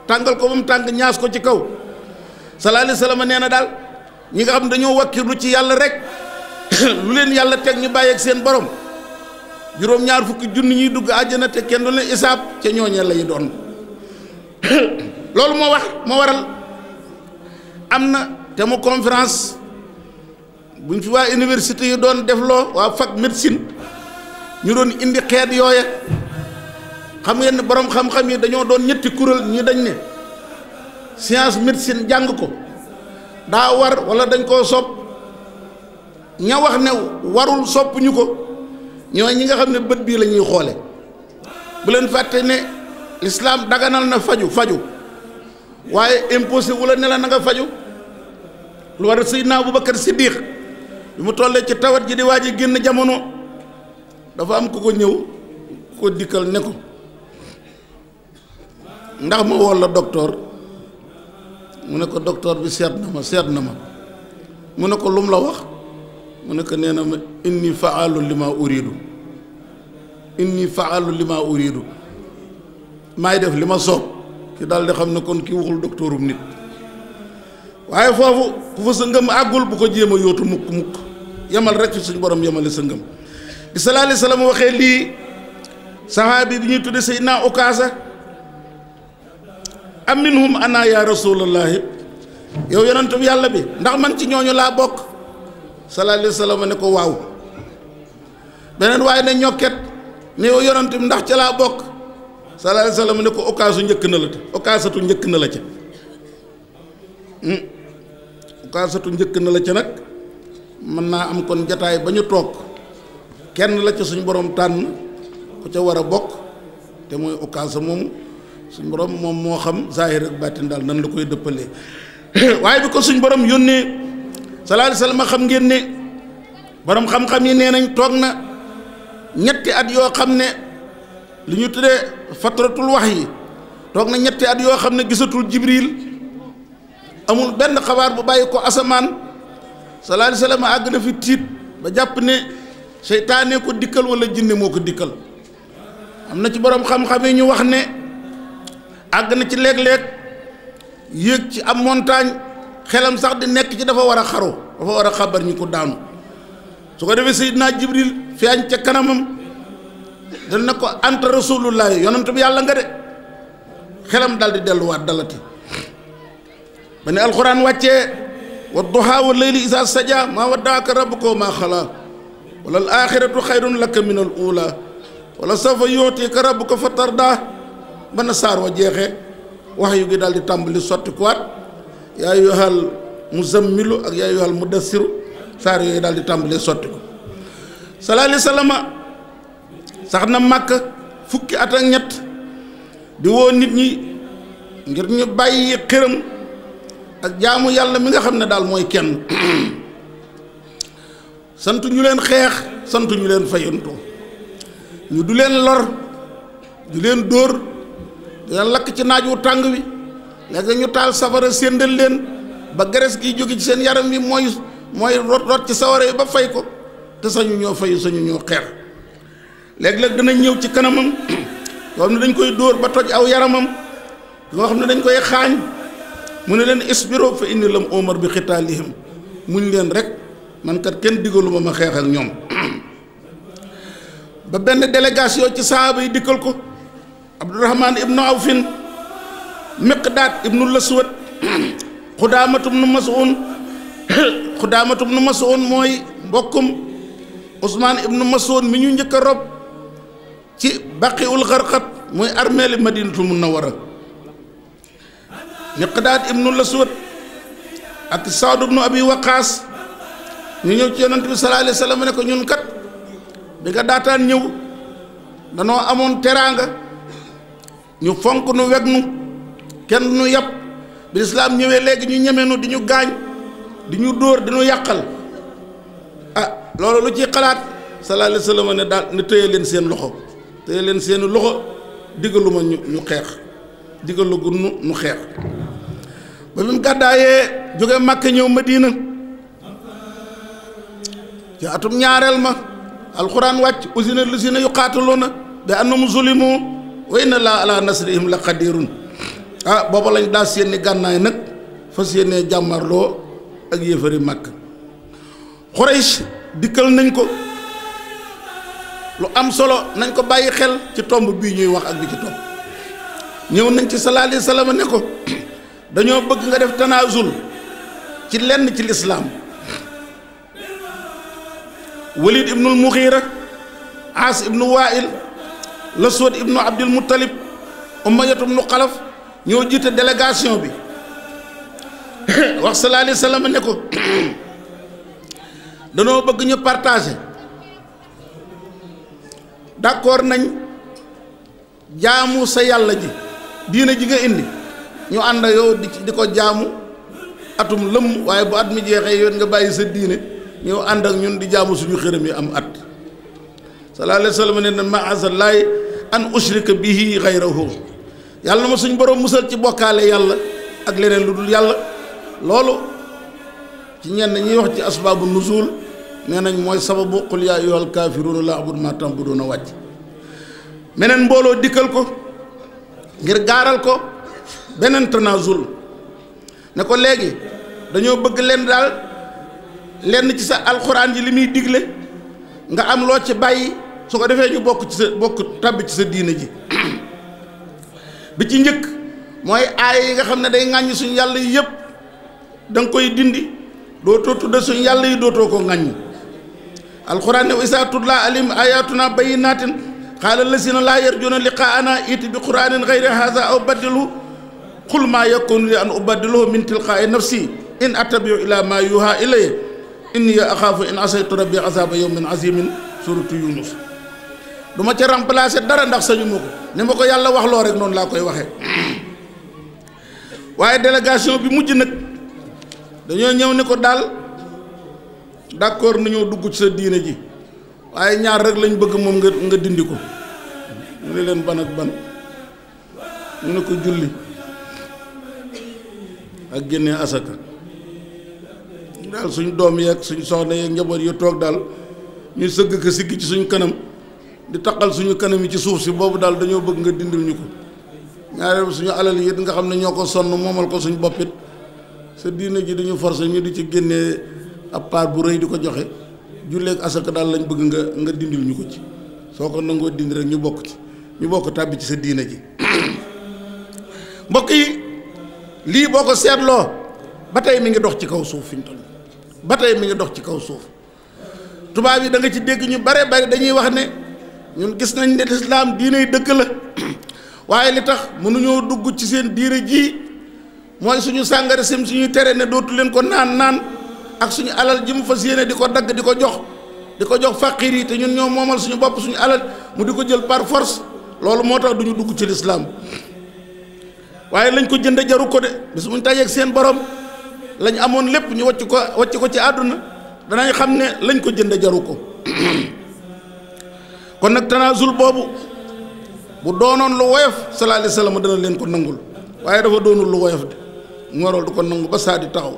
tàngal ko ba mu tàng ñaas ko ci kaw sallallahu alayhi wasallam nee na daal ñi nga xam ne dañoo lu ci yàlla rek lu leen yàlla teg ñu bàyyi seen borom juróom-ñaar fukki junni ñuy dugg àjjana te kenn du leen isaab ca ñooñee lay doon loolu moo wax moo waral am na te mu conférence buñ fi waa université yi doon def loo waa fac médecine ñu doon indi xeet yooye xam nga ne boroom xam-xam yi dañoo doon ñetti kuréel ñi dañ ne science médecine jàng ko daa war wala dañ koo sopp ña wax ne warul sopp ko ñoo ñi nga xam ne bët bii la ñuy xoole bu leen fàtte ne lislaam daganal na faju faju waaye imposé wu la ne la na nga faju lu war a Seydina Abubakar Siddiq bi mu tollee ci tawat ji di waaj a génn jamono dafa am ku ko ñëw ku ko dikkal ne ko ndax ma woo la docteur mu ne ko docteur bi seet na ma seet na ma mu ne ko lum la wax mu ne ko nee na ma inni faalu li ma uridu inni faalu li ma uridu maay def li ma soog ki daal di xam ne kon ki waxul docteurum nit waaye foofu ku fa sa ngëm àggul bu ko jéem a yóotu mukk mukk yamal rek fi suñ borom yemale sa ngëm bi sallallahu alayhi wa sallam waxee lii sahaabi bi ñuy tudde Seydina Ukaasa am minhum ana ya rasulallahi yow yonentu yàlla bi ndax man ci ñooñu laa bokk sallallahu alayhi wa ne ko waaw beneen waaye ne ñokket ne yow yonent ndax ca laa bokk sallallahu alayhi ne ko okaasu njëkk na la ca okaasatu njëkk na la ci okaasatu hmm. njëkk na la ca nag mën naa am kon jataay ba ñu toog kenn la ca suñ borom tànn ku ca war a bokk te mooy okaasa moom suñ borom moom moo xam zahir ak baatin daal nan la koy dëppalee waaye bi ko suñ borom yónnee sallallahu alayhi xam ngeen ne borom xam-xam yi nee nañ toog na ñetti at yoo xam ne li ñu tuddee fatratul wax yi toog na ñetti at yoo xam ne gisatul jibril amul benn xabaar bu bàyyi ko asamaan sallallahu alayhi wasallam àgg na fi tiit ba jàpp ne seytaane ko dikkal wala jinne moo ko dikkal am na ci boroom xam-xam yi ñu wax ne àgg na ci léeg-léeg yéeg ci am montagne xelam sax di nekk ci dafa war a xaru dafa war a xabar ñi ko daanu su ko defee Seydina Jibril feeñ ca kanamam dal na ko anta rasulullah yonent bi yàlla nga de xelam dal di delluwaat dalati ba ne alxuraan wàccee wa duhaa wa layli isaa sajaa maa waddaaka rabbuka maa xalaa wala al axiratu xayrun laka min al ula wala sawfa yuutika rabbuka fa tardaa ba na saar wa jeexee wax yu gi daal di tàmbali sotti kuwaat yaa ayyuhal muzammilu ak yaa ayyuhal mudassiru saar yooyu daal di tàmbali sotti ko salaali salama sax na makk fukki at ak ñett di woo nit ñi ngir ñu bàyyi xëram ak jaamu yàlla mi nga xam ne daal mooy kenn sant ñu leen xeex sant ñu leen fayantu ñu du leen lor du leen dóor du lakk ci naaj wu tàng wi léegi ñu taal safara séendal leen ba graisse gi jóge ci seen yaram wi mooy mooy rot ci sawara yi ba fay ko te sañu ñoo fayu sañu ñoo xeer léeg-léeg danañ ñëw ci kanamam yoo xam ne dañ koy dóor ba toj aw yaramam yoo xam ne dañ koy xaañ mu ne leen isbiro fa inni lam omar bi xitaalihim muñ leen rek man kat kenn digalu ma ma ñoom ba benn délégation ci saaba yi dikkal ko abdourahman ibnu awfin miqdaat ibnu laswat xudaamatum nu masuun xudaamatum nu masuun mooy mbokkum ousmane ibnu masuun mi ñu njëkk rob ci baqi ul xarxat mooy armeeli madinatu munawara miqdaat ibnu laswat ak saadu ibnu abi waqaas ñu ñëw ci yonent bi sallallahu alayhi wa sallam ne ko ñun kat bi nga daataan ñëw danoo amoon teraanga ñu fonk nu weg kenn nu yàpp bi ñëwee léegi ñu ñeme nu di ñu gaañ di ñu dóor di ñu yàqal a ah loolu lu ciy xalaat sallallahu alayhi wa sallam ne daal ne téye leen seen loxo téye leen seen loxo diggalu ma ñu xeex diggalu gu nu xeex ba bi mu gàddaayee jóge Màkka ñëw Madina ci atum ñaareel ma alxuraan wàcc usina lisina yuqaataluuna bi annahum zulimu wa inna laa ala nasrihim la qadirun ah booba lañ daa seeni gànnaay nag fa yéenee jàmmarloo ak yéefari màkk Quraysh dikkal nañ ko lu am solo nañ ko bàyyi xel ci tomb bii ñuy wax ak bi ci tomb ñëw nañ ci sallallahu alayhi ne ko dañoo bëgg nga def tanaasul ci lenn ci lislaam walid ibnul muxiira aas ibnu waa'il laswad ibnu abdul muttalib umayatu ibnu xalaf ñoo jiite délégation bi wax sallallahu alayhi wa sallam ne ko danoo bëgg ñu partager d'accord nañ jaamu sa yàlla ji diina ji nga indi ñu ànd yow di di ko jaamu atum lëmm waaye bu at mi jeexee yow nga bàyyi sa diine ñëw ànd ak ñun di jaamu suñu xërëm yi am at sallallahu alayhi wa sallam ne na maasallaay an ushrika bihi xayrahu yàlla na ma suñu borom musal ci bokkaale yàlla ak leneen lu dul yàlla loolu ci ñenn ñiy wax ci asbaabu nuzul nee nañ mooy sababu qul yaa la kaafiruuna laa a'budu maa ta'buduuna wàcc meneen mbooloo dikkal ko ngir gaaral ko beneen tanazul ne ko léegi dañoo bëgg leen daal lenn ci sa alxuraan ji li muy digle nga am loo ci bàyyi su ko defee ñu bokk ci sa bokk tàbb ci sa diina ji bi ci njëkk mooy aaya yi nga xam ne day ŋàññ suñu yàlla yi yëpp da koy dindi dootoo tudda suñu yàlla yi dootoo ko ŋàññ alxuraan ne wa isaa tutla naa ayatuna bayinatin qaala lazina laa yarjuna liqaana iti bi quraanin gayri haza aw baddilu qul maa yakunu li an ubaddiluhu min tilqaai nafsi in attabiu ila ma yuha ilayya inni axaafu in asaytu rabbi azaaba yawmin azimin suratu yunus du ca remplacer dara ndax sañu ma ko ma ko yàlla wax loo rek noonu laa koy waxe waaye délégation bi mujj nag dañoo ñëw ni ko daal d'accord nañoo dugg ci sa diine ji waaye ñaar rek lañ bëgg moom nga nga dindi ko mu ne leen ban ak ban mu ne ko julli ak génnee asaka daal suñ doom yeeg suñ soxna yeeg njaboot yu toog daal ñu sëgg ko siggi ci suñ kanam di taqal suñu kanam yi ci suuf si boobu daal dañoo bëgg nga dindil ñu ko ñaareel suñu alal yi it nga xam ne ñoo ko sonn moomal ko suñ bopp it sa diina ji dañu forcé ñu di ci génnee ab part bu rëy di ko joxe julleeg asaka daal lañ bëgg nga nga dindil ñu ko ci soo ko nangoo dindi rek ñu bokk ci ñu bokk tàbbi ci sa diina ji mbokk yi lii boo ko seetloo ba tey mi ngi dox ci kaw suuf fi ñu toll ba tey mi ngi dox ci kaw suuf tubaab yi danga ci dégg ñu bare bare dañuy wax ne ñun gis nañ ne lislaam diiney dëkk la waaye li tax mënuñoo dugg ci seen diine ji mooy suñu sàngara sim suñu tere ne dootu leen ko naan naan ak suñu alal ji mu fas yéene di ko dagg di ko jox di ko jox faqir yi te ñun ñoo moomal suñu bopp suñu alal mu di ko jël par force loolu moo tax duñu dugg ci lislaam waaye lañ ko jënd jaru ko de bis muñ tajeeg seen borom lañu amoon lépp ñu wàcc ko wàcc ko ci àdduna danañ xam ne lañ ko jënd jaru ko kon nag tanaasul boobu bu doonoon lu woyof sallallahu alayhi wasallam dana leen ko nangul waaye dafa doonul lu woyof de mu waral du ko nangu ba saa taxaw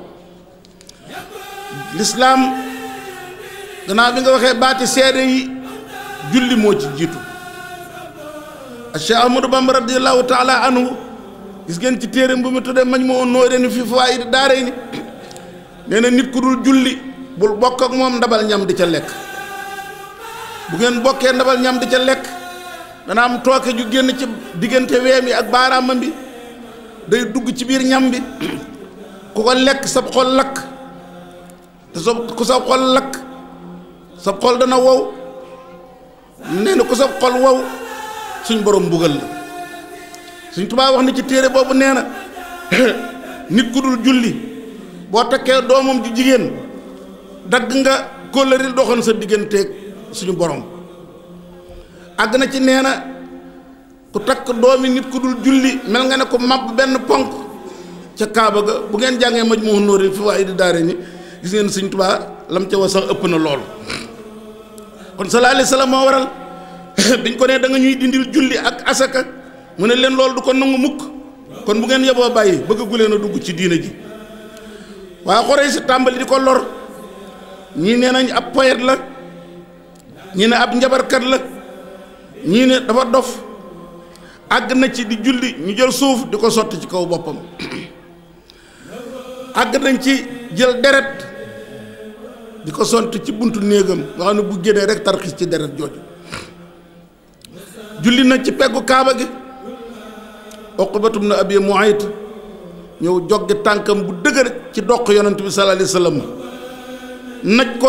lislaam danaa bi nga waxee baati seede yi julli moo ci jiitu Cheikh Ahmadou Bamba radiyallahu taala anhu gis ngeen ci téere bu mu tuddee mañ moo nooy reni fi fawaay daaray ni nee na nit ku dul julli bul bokk ak moom ndabal ñam di ca lekk bu ngeen bokkee ndabal ñam di ca lekk dana am tooke ju génn ci diggante weem mi ak baaraamam bi day dugg ci biir ñam bi ku ko lekk sab xol lakk te sa ku sab xol lakk sab xol dana wow nee na ku sab xol wow suñ borom mbugal la suñ tubaa wax na ci téere boobu nee na nit ku dul julli boo takkee doomam ju jigéen dagg nga kóllëri doxoon sa digganteeg suñu borom àgg na ci nee na ku takk doomi nit ku dul julli mel nga ne ko màbb benn ponk ca kaaba ga bu ngeen jàngee maj moo nóori fi waaye di daare ni gis ngeen suñ tubaa lam ca wax sax ëpp na loolu kon sallallahu alayhi wasallam moo waral biñ ko ne danga ñuy dindil julli ak asaka mu ne leen loolu du ko nangu mukk kon bu ngeen yeboo bàyyi bëgg gu leen a dugg ci diina ji waa xoree si tàmbali di ko lor ñii nee nañ ab poète la ñii ne ab njabarkat la ñii ne dafa dof àgg na ci di julli ñu jël suuf di ko sotti ci kaw boppam àgg nañ ci jël deret di ko sotti ci buntu néegam nga xam ne bu génnee rek tarxis ci deret jooju julli na ci peggu kaaba gi uqbatu bnu mu muayt ñëw joggi tànkam bu dëgër ci doq yonent bi sallallahu alayhi naj ko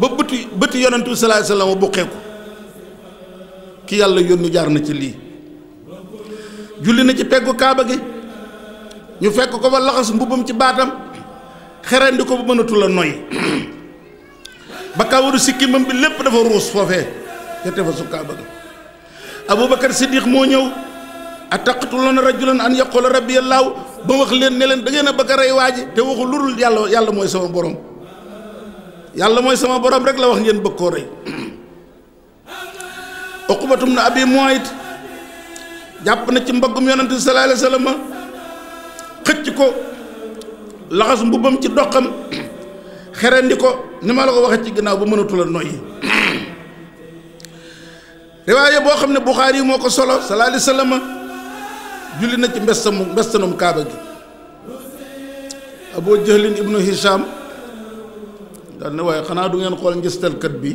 ba bëti bëti yonent bi sallallahu alayhi wa sallam ko ki yàlla yónni jaar na ci lii julli na ci peggu kaaba gi ñu fekk ko ba laxas mbubbam ci baatam xerendi ko ba mënatu la noy ba kawaru sikkimam bi lépp dafa ruus foofee te tefa kaaba gi abubakar siddiq moo ñëw ataqtuluna rajulan an yaqula rabbi yàllaaw ba wax leen ne leen da ngeen a bëgg a rey waaji te waxul lu dul yàlla yàlla mooy sama borom yàlla mooy sama borom rek la wax ngeen bëgg koo rey uqbatum na abi muayt jàpp na ci mbaggum yonent bi sallallahu xëcc ko laxas mbubbam ci doqam xerendi ko ni ma la ko waxee ci ginnaaw ba mënatu la noyyi riwaaye boo xam ne Buxaari yi moo ko solo sallallahu alayhi wasallam julli na ci mbestamu mbestanum kaaba gi aboo jëhlin ibnu hisham daal ne waaye xanaa du ngeen xool ngistalkat bi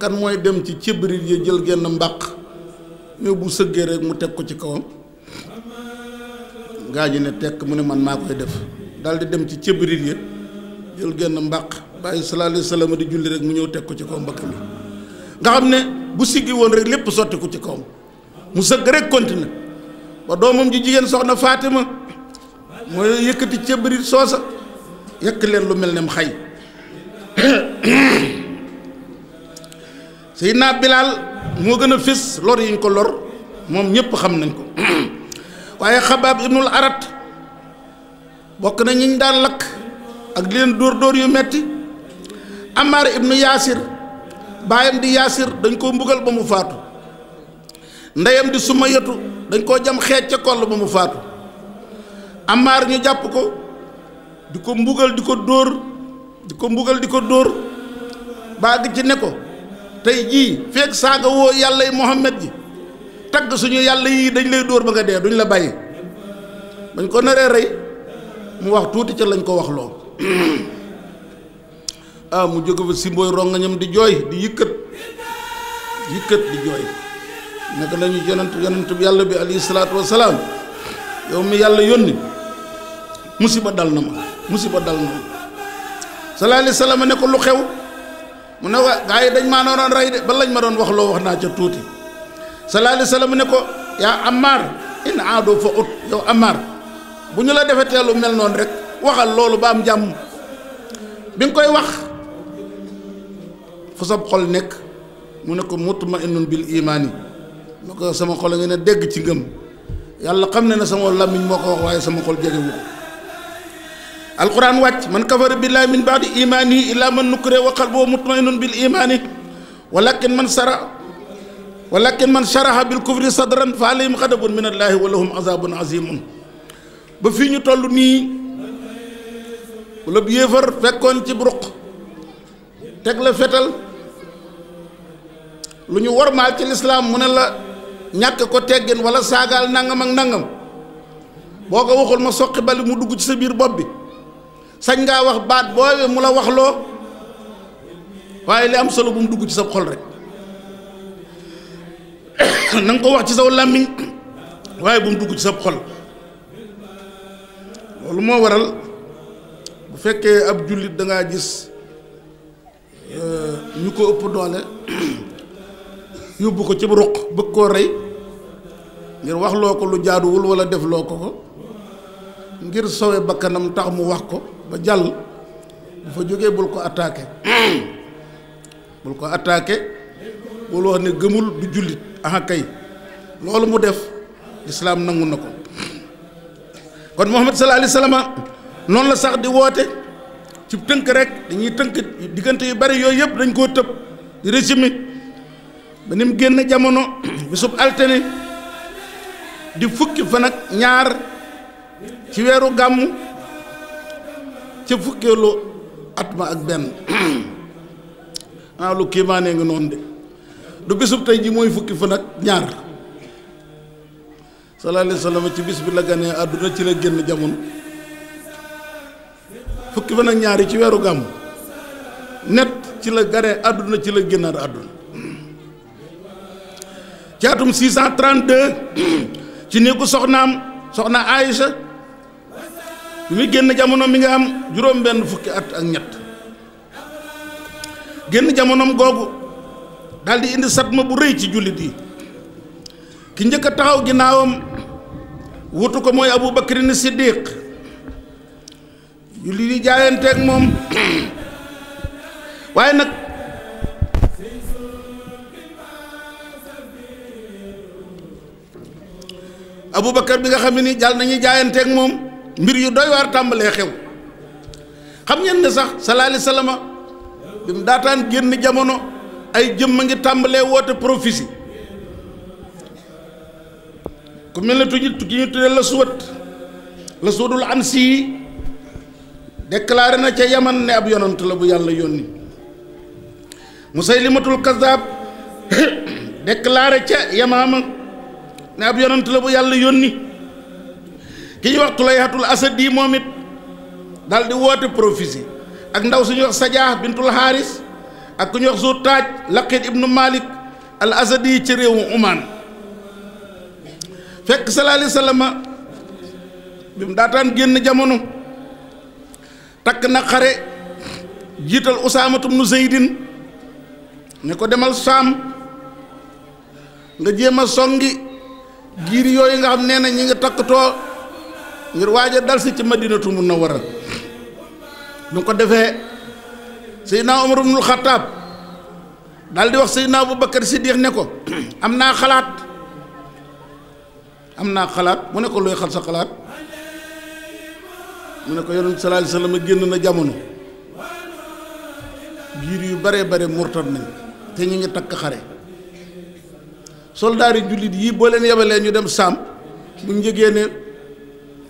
kan mooy dem ci cibrit yi jël genn mbaq ñëw bu sëggee rek mu teg ko ci kawam gaa ji ne tekk mu ne man maa koy def daal di dem ci cibrit yi jël genn mbaq bàyyi sallallahu alayhi wasallam di julli rek mu ñëw teg ko ci kawam mbakk mi nga xam ne bu siggi woon rek lépp sotti ko ci kawam mu sëgg rek continuer ba doomam ji jigéen soxna Fatima mooy yëkkati cëbbarit soosa yëkk leen lu mel ne xay Seydina Bilaal moo gën a fés lor yiñ ko lor moom ñëpp xam nañ ko waaye Xabaab Arat bokk na ñiñ daan lakk ak leen dóor dóor yu metti Ammaar ibnu Yaasir baayam di Yaasir dañ koo mbugal ba mu faatu ndeyam di Sumayatu dañ koo jam xeej ca koll ba mu faatu amaar ñu jàpp ko di ko mbugal di ko dóor di ko mbugal di ko dóor baa gi ci ne ko tey jii feeg saaga woo yàlla yi Muhammad ji tagg suñu yàlla yi dañ lay dóor ba nga dee duñ la bàyyi dañ ko naree rey mu wax tuuti ca lañ ko wax loo ah mu jóge fa simbooy rongañam di jooy di yëkkat yëkkat di jooy naka la ñu yonent yàlla bi alayhi salaatu wa salaam yow mi yàlla yónni musiba dal na ma musiba dal na ma sallallahu alayhi wa sallam ne ko lu xew mu ne dañ maa doon ba lañ ma doon wax loo wax naa ca tuuti sallallahu alayhi wa ne ko yaa Ammaar in aadoo fa ut yow Ammaar bu ñu la defee teelu mel noonu rek waxal loolu ba am jàmm bi nga koy wax fu sab xol nekk mu ne ko mutma innun bil imaan yi na ko sama xol a ngi dégg ci ngëm yàlla xam ne na sama làmmiñ moo ko wax waaye sama xol jegewu ko alquran wàcc man kafara billahi min baadi imaanihi illaa man nukkire wa qalbuhu mutmainun bil imaani walakin man sara walakin man sharaha bil kufri sadran fa xadabun min allaahi wa lahum azabun azimun ba fii ñu toll nii wala bu yéefar fekkoon ci bruq teg la fetal lu ñu warmaal ci lislaam mu ne la ñàkk ko teggin wala saagaal nangam ak nangam boo ko waxul ma soqi bali mu dugg ci sa biir bopp bi sañ ngaa wax baat boo boobe mu la wax loo waaye li am solo bu mu dugg ci sa xol rek na nga ko wax ci saw làmmiñ waaye bu mu dugg ci sa xol loolu moo waral bu fekkee ab jullit da ngaa gis euh, ñu ko ëpp doole yóbbu ko ci ruq bëgg koo rey ngir wax loo ko lu jaaduwul wala def loo ko ko ngir sowe bakkanam tax mu wax ko ba jàll bu fa bul ko attake bul ko attaqué bul wax ne gëmul du jullit aha kay loolu mu def lislaam nangu na ko kon Muhammad sallallahu alayhi wasallam noonu la sax di woote ci tënk rek dañuy tënk diggante yu bari yooyu yëpp dañ koo tëb di résumé ba ni mu génn jamono bisub altene di fukki fan ñaar ci weeru gàmmu ci fukkeelu at ma ak benn ah lu kéemaane nga noonu de du bisub tey ji mooy fukki fan ñaar sallallahu alayhi wa sallam ci bis bi la ganee àdduna ci la génn jamono fukki fan ak ñaar yi ci weeru gàmmu net ci la ganee àdduna ci la génnaat àdduna ci atum 632 ci néegu soxnaam soxna Aïcha bi muy génn jamono mi ngi am juróom-benn fukki at ak ñett génn jamonom googu daal di indi satma bu rëy ci jullit yi ki njëkk a taxaw ginnaawam wutu ko mooy Abu Bakri ni Siddiq jullit yi jaayanteeg moom waaye nag. Aboubacar bi nga xam ne ni jàll nañuy jaayanteeg moom mbir yu doy waar tàmbalee xew xam ngeen ne sax sallallahu alayhi bi mu daataan génn jamono ay jëmm a ngi tàmbalee woote prophétie ku mel ne tuñu ki ñu tuddee la suwat la suwatul ansi yi déclaré na ca yaman ne ab yonant la bu yàlla yónni musaylimatul kazaab déclaré ca yamaama ne ab yonent la bu yàlla yónni ki ñuy wax tulayhatul asad yi moom it daal woote prophétie ak ndaw suñuy wax sajaa bintul xaaris ak ku ñuy wax su taaj laqit ibnu malik al asad ci réewu umaan fekk sallallahu alayhi bi mu daataan génn jamono takk na xare jiital usaamatu bnu zeydin ne ko demal saam nga jéem songi giir yooyu nga xam nee na ñi nga takkatoo ngir waaj a dal si ci madinatu munawwara ñu ko defee seydnaa umar ibnul xataab daal di wax seydnaa si siddiq ne ko am naa xalaat am naa xalaat mu ne ko looy xal sa xalaat mu ne ko yonent sallallahu génn na jamono giir yu bare bare murtad nañ te ñi ngi takk xare soldaar yi jullit yii boo leen yebalee ñu dem saam bu ñu ne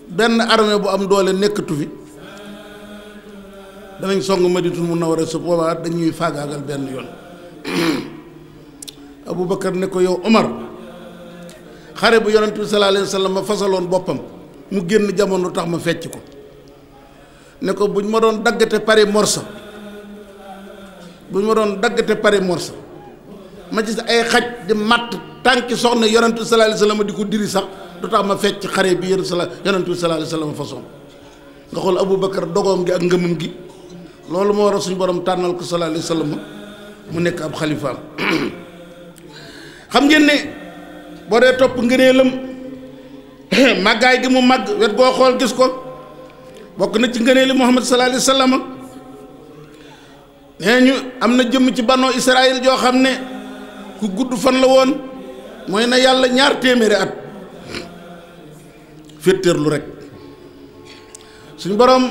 benn armée bu am doole nekkatu fi danañ song Madinatul Munawwara su boobaat dañuy faagaagal benn yoon Aboubacar ne ko yow Omar xare bu yonent bi sallallahu alayhi wa ma fasaloon boppam mu génn jamono tax ma fecc ko ne ko buñ ma doon daggate pare morsa buñ ma doon daggate pare morsa ma gis ay xaj di matt tànki soxna yonentu sallallahu alayhi wasallam di ko diri sax du tax ma fecc xare bi yonentu sallallahu alayhi wasallam façon nga xool Aboubacar dogoom gi ak ngëmum gi loolu moo waral suñu borom tànnal ko sallallahu alayhi mu nekk ab xalifaam xam ngeen ne boo dee topp ngëneelam màggaay gi mu màgg wet goo xool gis ko bokk na ci ngëneeli Muhammad sallallahu alayhi wasallam nee ñu am na jëmm ci bannoo Israël joo xam ne ku gudd fan la woon mooy na yàlla ñaar téeméeri at féeteerlu rek suñu borom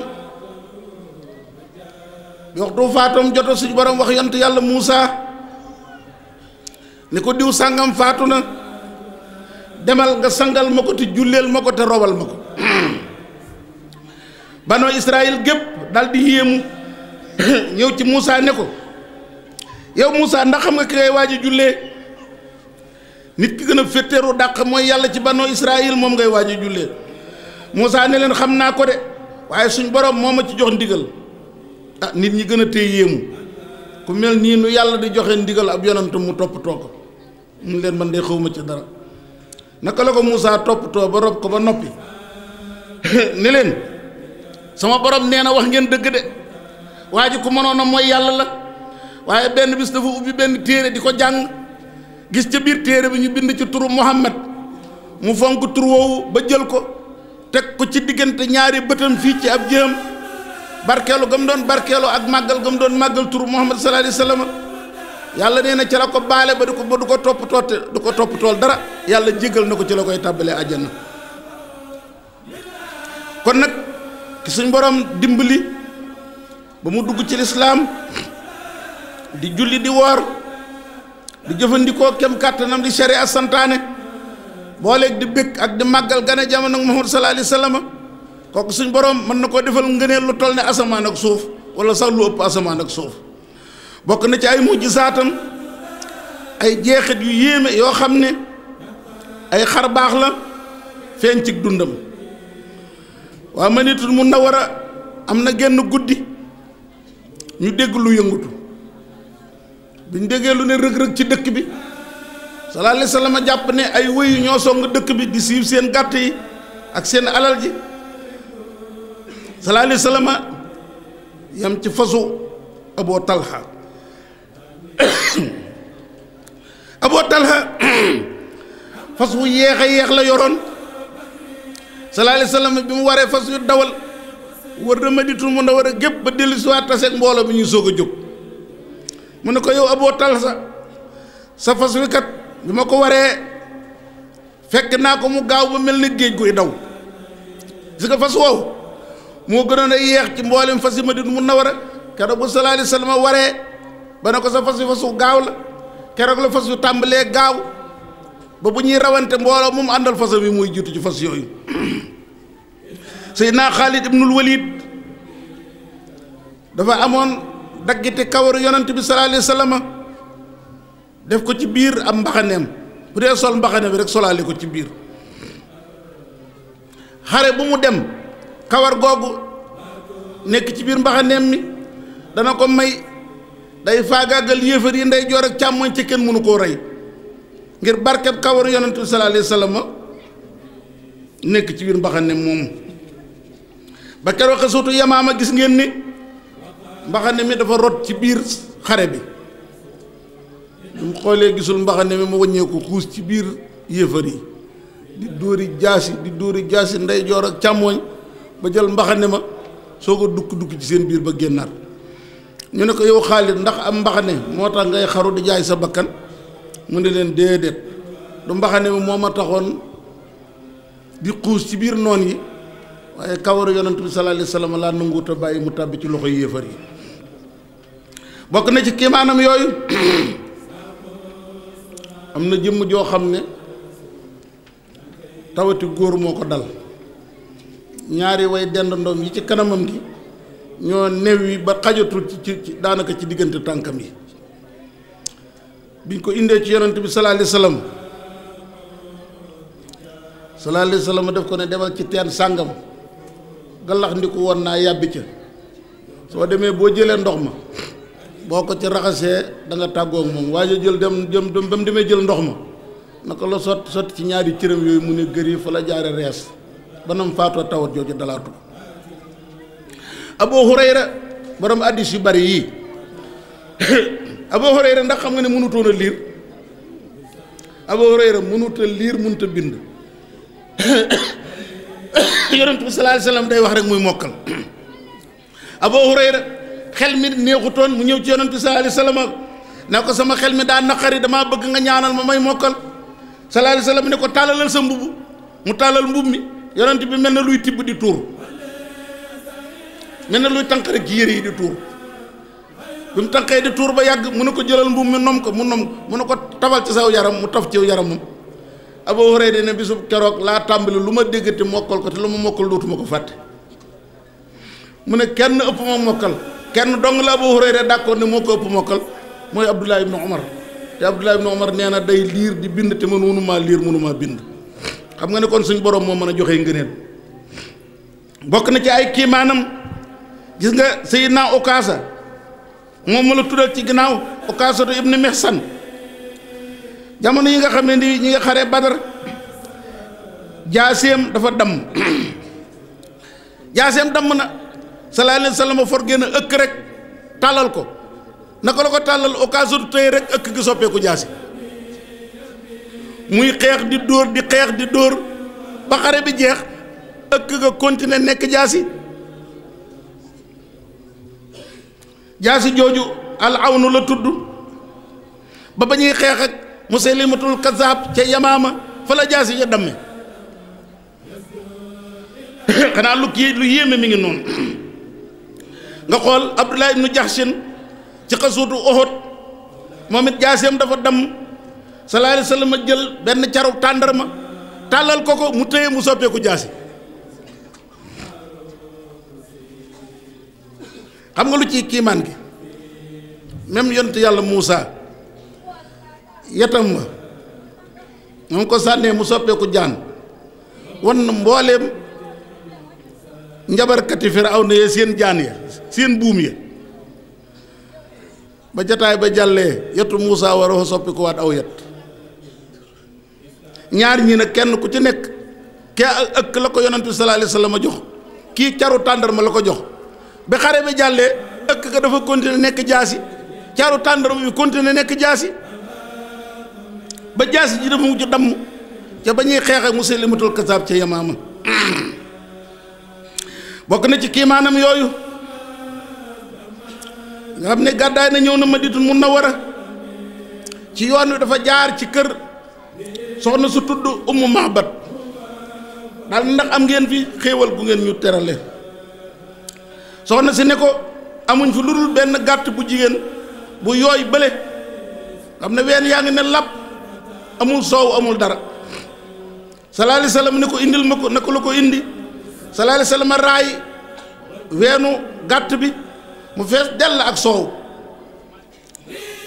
waxtu faatam joto suñu borom wax yant yàlla Moussa ni ko diw sàngam faatu na demal nga sangal ma ko te julleel ma ko te robal ma ko banoo Israël gépp dal di yéemu ñëw ci Moussa ne ko yow Moussa ndax xam nga ki ngay waaj a jullee nit ki gën a féttéeru dàq mooy yàlla ci bannoo Israël moom ngay waaj a jullee Moussa ne leen xam naa ko de waaye suñ borom moom ma ci jox ndigal ah nit ñi gën a téye yéemu ku mel nii nu yàlla di joxe ndigal ab yonantam mu toppatoo ko mu leen man de xaw ma ci dara naka la ko Moussa toppatoo ba rob ko ba noppi ne leen sama borom nee na wax ngeen dëgg de waa ji ku mënoon a mooy yàlla la waaye benn bis dafa ubbi benn téere di ko jàng. gis ca biir téere bi ñu bind ci turu Muhammad mu fonk tur woowu ba jël ko teg ko ci diggante ñaari bëtam fii ci ab jëm barkeelu gam doon barkeelu ak màggal gam doon màggal turu Muhammad sallallahu alayhi wasallam yàlla nee na ci la ko baale ba du ko ba du ko topp toote du ko topp tool dara yàlla jégal na ko ci la koy tàbbalee àjjana kon nag ki suñ borom dimbali ba mu dugg ci lislaam di julli di woor di jëfandikoo kem kàttanam di sharia santaane booleeg di bëgg ak di màggal gane jamono Muhammad sallallahu alayhi wa sallam kooku suñ borom mën na koo defal ngëneel lu toll ne asamaan ak suuf wala sax lu ëpp asamaan ak suuf bokk na ci ay mujj saatam ay jeexit yu yéeme yoo xam ne ay xar baax la feeñ ci dundam waa manitul mun na war a am na genn guddi ñu dégg lu yëngutu biñ déggee lu ne rëg-rëg ci dëkk bi sallallahu alayhi jàpp ne ay wëyu ñoo song dëkk bi di siiw seen gàtt yi ak seen alal ji sallallahu alayhi wa yam ci fasu aboo talha aboo talha fas wu yeex a yeex la yoroon sallallahu alayhi bi mu waree fas yu dawal war na ma di tur mu ndaw war a gépp ba dellusiwaat taseeg mbooloo bi ñuy soog a jóg mu ne ko yow aboo talsa sa fas wi kat bi ma ko waree fekk naa ko mu gaaw ba mel ni géej guy daw gis nga fas woowu moo gënoon a yéex ci mboolem fas yi Madina mun na war a keroog bu sallallahu alayhi wasallam waree ba ne ko sa fas wi fasu gaaw la keroog la fas yu tàmbalee gaaw ba bu ñuy rawante mbooloo moom àndal fasam yi muy jiitu ci fas yooyu Seydina Xaalid ibnul Walid dafa amoon daggite kawaru yonent bi sallallahu alayhi def ko ci biir ab mbaxaneem bu dee sol mbaxane bi rek solaale ko ci biir xare bu mu dem kawar googu nekk ci biir mbaxaneem mi dana ko may day faagaagal yéefar yi nday joor ak càmmoñ ci kenn mënu koo rey ngir barkeb kawaru yonent bi sallallahu alayhi nekk ci biir mbaxaneem moomu ba keroog xasuutu yamaama gis ngeen ni mbaxane mi dafa rot ci biir xare bi mu xoolee gisul mbaxane mi mu wàññeeku xuus ci biir yéefar yi di dóori jaasi di dóori jaasi ndeyjoor ak càmmooñ ba jël mbaxane ma soo ko dukk dukk ci seen biir ba génnaat ñu ne ko yow Xaalid ndax am mbaxane moo tax ngay xaru di jaay sa bakkan mu ne leen déedéet du mbaxane mi moo ma taxoon di xuus ci biir noon yi waaye kawaru yonent bi sallallahu alayhi wa sallam laa nanguut a bàyyi mu tàbbi ci loxo yéefar yi bokk na ci kiimaanam yooyu am na jëmm joo xam ne tawati góor moo ko dal ñaari way dend ndoom yi ci kanamam gi ñoo new yi ba xajatul ci ci daanaka ci diggante tànkam yi biñ ko indee ci yonent bi sallallahu alayhi wasallam sallallahu alayhi def ko ne demal ci teen sàngam gallax woon naa yàbbi ca soo demee boo jëlee ndox ma boo ko ci raxasee da nga tàggoo ak moom waaye jël dem jëm dem ba mu demee jël ndox ma naka la sot sotti ci ñaari cëram yooyu mu ne gër yi fa la jaare rees ba nam faatoo tawat jooju dalaatu ko Abu Hurayra borom yu bari yii Abu Hurayra ndax xam nga ne mënutoon a liir Abu liir mënut bind yonent bi sallallahu alayhi day wax rek muy mokkal Abu Hurayra xel mi neexutoon mu ñëw ci yonent bi sallallahu alayhi ko sama xel mi daa naqari damaa bëgg nga ñaanal ma may mokkal sallallahu alayhi ne ko tàllalal sa mbubb mu tàllal mbub mi yonent bi mel na luy tibb di mel na luy tànq rek yére di tuur bi mu tànqee tuur ba yàgg mu ne ko jëlal mbub mi nom ko mu nom mu ne ko tafal ci saw yaram mu taf ci yaramam Abu Hurayra ne bisu keroog laa tàmbali lu ma déggati mokkal ko te lu ma mokkal dootuma ko fàtte mu ne kenn ëpp ma mokkal kenn dong la Abu Hurayra d'accord ne moo ko ëpp mokkal mooy Abdullah ibn Omar te Abdullah ibn Omar nee na day liir di bind te man liir mënumaa bind xam nga ne kon suñ borom moo mën a joxe ngëneel bokk na ci ay kiimaanam gis nga Seydina Okaasa moom mën a tuddal ci ginnaaw Okaasatu ibn Mihsan jamono yi nga xam ne ni ñi nga xare Badar jaaseem dafa damm jaaseem damm na sallallahu alayhi wa sallam for génn ëkk rek tàllal ko naka la ko tàllal occasion tey rek ëkk gi soppeeku jaasi muy xeex di dóor di xeex di dóor ba xare bi jeex ëkk ga continuer nekk jaasi jaasi jooju al awnu la tudd ba ba ñuy xeex ak musaylimatul kazaab ca yamaama fa la jaasi ja damme xanaa lu kii lu yéeme mi ngi noonu nga xool Abdullah ibnu Jahshin ci xasuutu Uhud moom it jaaseem dafa dam sallallahu alayhi wa jël benn caru tàndarma tàllal ko ko mu téye mu soppeeku jaasi xam nga lu ciy kiimaan gi même yont yàlla Muusa yetam ma moom ko sànnee mu soppeeku jaan wan mbooleem njabarkati Firawna ya seen jaan ya seen buum ya ba jataay ba jàllee yetu Muusa war a soppi ko waat aw yet ñaar ñi nag kenn ku ci nekk ke ak la ko yonent bi sallallahu jox kii caru tàndarma la ko jox ba xare ba jàllee ëkk ka dafa continuer nekk jaasi caru tàndarma bi continuer nekk jaasi ba jaasi ji dafa mujj damm ca ba ñuy xeex ak Musaylimatul Kazaab ca Yamaama bokk na ci kiimaanam yooyu nga xam ne gàddaay na ñëw na Madinatul Munawwara ci yoon wi dafa jaar ci kër soxna su tudd Ummu Mahbat daal ndax am ngeen fi xéewal gu ngeen ñu terale soxna si ne ko amuñ fi lu dul benn gàtt bu jigéen bu yooy bële xam ne ween yaa ngi ne làpp amul soow amul dara sallallahu alayhi wa sallam ne ko indil ma ko ne ko la ko indi sallallahu alayhi weenu gàtt bi mu fees dell ak soow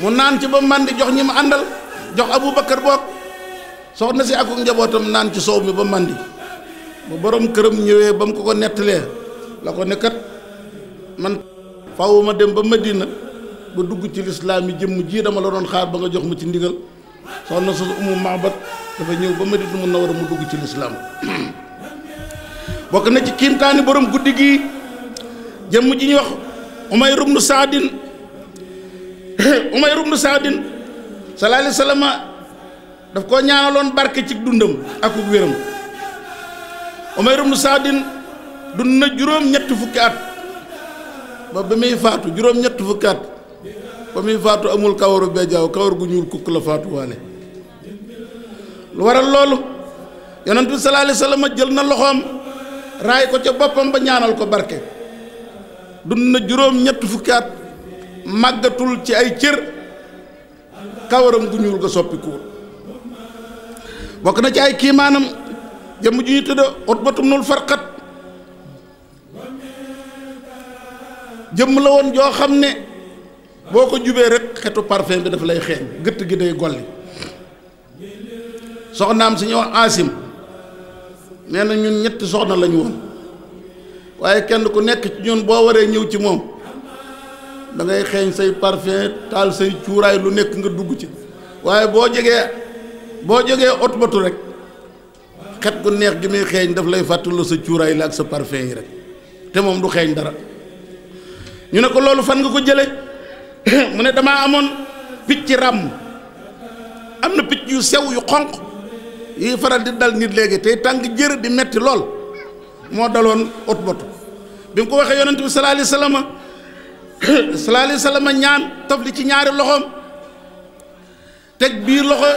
mu naan ci ba màndi jox ñi mu àndal jox Abu Bakar boog soxna si ak njabootam naan ci soow mi ba màndi mu boroom këram ñëwee ba mu ko ko nettalee la ko ne kat man faw dem ba Madina ba dugg ci lislaam yi jëmm jii dama la doon xaar ba nga jox ma ci ndigal soxna su umu maabat dafa ñëw ba Madina mun na war a mu dugg ci lislaam bokk na ci kiimtaani borom guddi gi jëmm ji ñuy wax umay rubnu saadin umay rubnu saadin sallallahu alayhi daf koo ñaanaloon barke ci dundam ak wéram umay rubnu saadin dund na juróom-ñetti fukki at ba ba muy faatu juróom-ñetti fukki at ba muy faatu amul kawaru bejaaw kawar gu ñuul kukk la faatu waale lu waral loolu yonent bi sallallahu alayhi jël na loxoom raay ko ca boppam ba ñaanal ko barke dund na juróom ñett fukki at màggatul ci ay cër kawaram gu ñuul ga soppikuwut bokk na ci ay kiimaanam jëmm ju ñu tëdd utbatum nul farqat jëmm la woon joo xam ne boo ko jubee rek xetu parfum bi dafa lay xeeñ gëtt gi day golli soxnaam si ñuy wax asim nee na ñun ñetti soxna lañu woon waaye kenn ku nekk ci ñun boo waree ñëw ci moom dangay xeeñ say parfum taal say cuuraay lu nekk nga dugg ci waaye boo jegee boo jegee ot batu rek xet gu neex gi muy xeeñ daf lay fàttalu sa cuuraay la ak sa parfum yi rek te moom du xeeñ dara ñu ne ko loolu fan nga ko jële mu ne damaa amoon picc ràmm am na picc yu sew yu xonq yi faral di dal nit léegi tey tàng jër di metti lool moo daloon Utbatu bi mu ko waxee yonent bi sallallahu alayhi wasallam sallallahu alayhi wasallam ñaan tofli ci ñaari loxoom teg biir loxo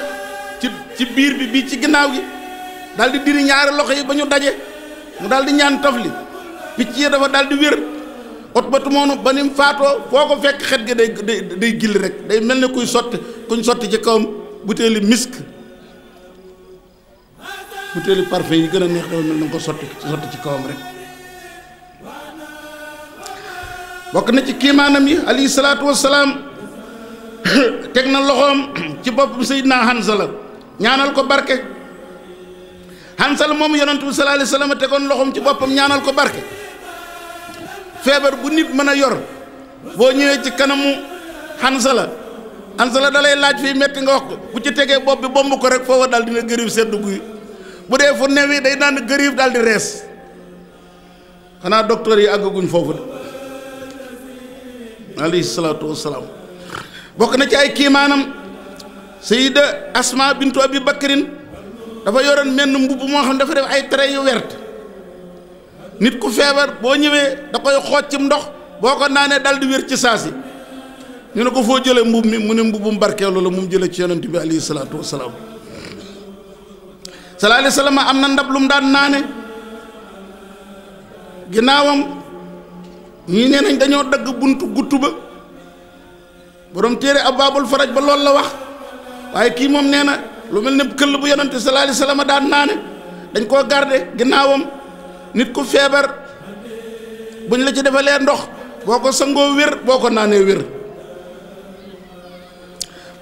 ci biir bi bii ci ginnaaw gi daal di diri ñaari loxo yi ba ñu daje mu daal di ñaan tofli picc yi dafa daal di wér Utbatu moonu ba ni mu faatoo foo ko fekk xet gi day day day gil rek day mel ni kuy sotti kuñ sotti ci kawam butéeli misk butéeli parfum yi gën a ko sotti sotti ci kawam bokk na ci kiimaanam yi alayhi salaatu wassalaam teg na loxoom ci bopp Seydina Hansala ñaanal ko barke Hansala moom yonent bi sallallahu alayhi wasallam tegoon loxoom ci boppam ñaanal ko barke feebar bu nit mën a yor boo ñëwee ci kanamu Hansala Hansala dalay laaj fii metti nga wax ko bu ci tegee bopp bi bomb ko rek foofa daal dina gërëm seddu guy bu dee fu new yi day naan gëriif daal di rees xanaa docteur yi àggaguñ foofu de alayhi salaatu wassalaam bokk na ci ay kiimaanam sayida asma bintu bi bakrin dafa yoroon menn mbubb moo xam dafa def ay trait yu wert nit ku feebar boo ñëwee da koy xooj cim ndox boo ko naanee dal di wér ci saasi ñu ne ko foo jëlee mbubb mi mu ne mbubbum barkeelu la mu jëlee ci yonent bi alayhi salaatu wassalaam sallallahu alayhi am na ndab lu daan naane ginnaawam ñii nee nañ dañoo dagg buntu guttu ba borom téere abwaabul faraj ba loolu la wax waaye kii moom nee na lu mel ne këll bu yonante sallallahu alayhi wa sallam daan naane dañ koo garde ginnaawam nit ku feebar buñ la ci defalee ndox boo ko sangoo wér boo ko naanee wér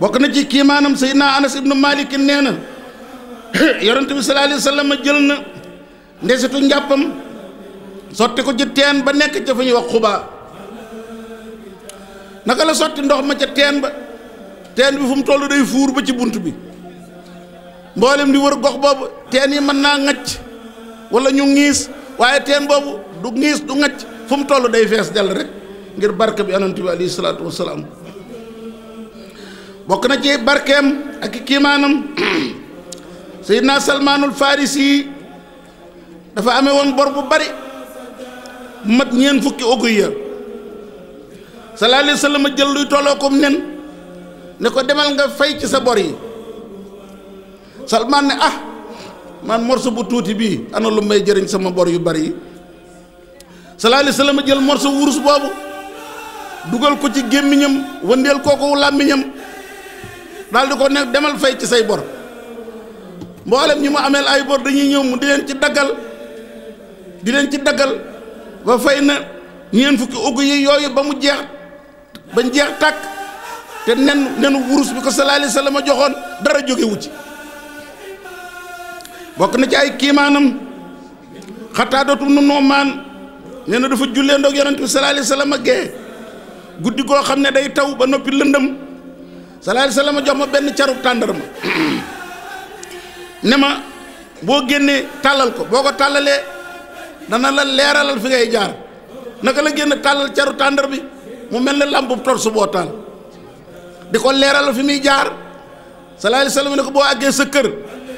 bokk na ci kiimaanam Seydina Anas ibnu Malikin nee na yonent bi sallallahu alayhi wa sallam jël na ndesetu njàppam sotti ko ci teen ba nekk ca ñuy wax xubaa naka la sotti ndox ma ca teen ba teen bi fu mu toll day fuur ba ci bunt bi mboolem di wër gox boobu teen yi mën naa ŋacc wala ñu ŋiis waaye teen boobu du ŋiis du ŋacc fu mu toll day fees dell rek ngir barke bi yonent bi alayhi salaatu wasalaam bokk na ci barkeem ak kiimaanam Seydina Salmaanul Farisi dafa amee woon bor bu bari bu mat ñeent fukki oguy ya sallallahu alayhi wa jël luy tolloo kom nen ne ko demal nga fay ci sa bor yi Salmaan ne ah man morso bu tuuti bii ana lu may jëriñ sama bor yu bari yi sallallahu alayhi wa jël morso wurus boobu dugal ko ci gémmiñam wëndeel kooku làmmiñam daal di ko ne demal fay ci say bor mboolem ñi mu ameel ay bor dañuy ñëw mu di leen ci daggal di leen ci daggal ba fay na ñeen fukki ugg yi yooyu ba mu jeex ba jeex tàkk te nen nenu wurus bi ko sallallahu alayhi wasallam a joxoon dara jógewu ci bokk na ci ay kiimaanam xataa dootum nu noomaan nee na dafa jullee ndoog yonent bi sallallahu alayhi wasallam gee guddi koo xam ne day taw ba noppi lëndëm sallallahu alayhi wasallam a jox ma benn carub tàndarma ne ma boo génnee tàllal ko boo ko tàllalee dana la leeralal fi ngay jaar naka la génn tàllal caru tàndar bi mu mel ne làmp torsu boo taal di ko leeralal fi muy jaar sallallahu alayhi wasallam ne ko boo àggee sa kër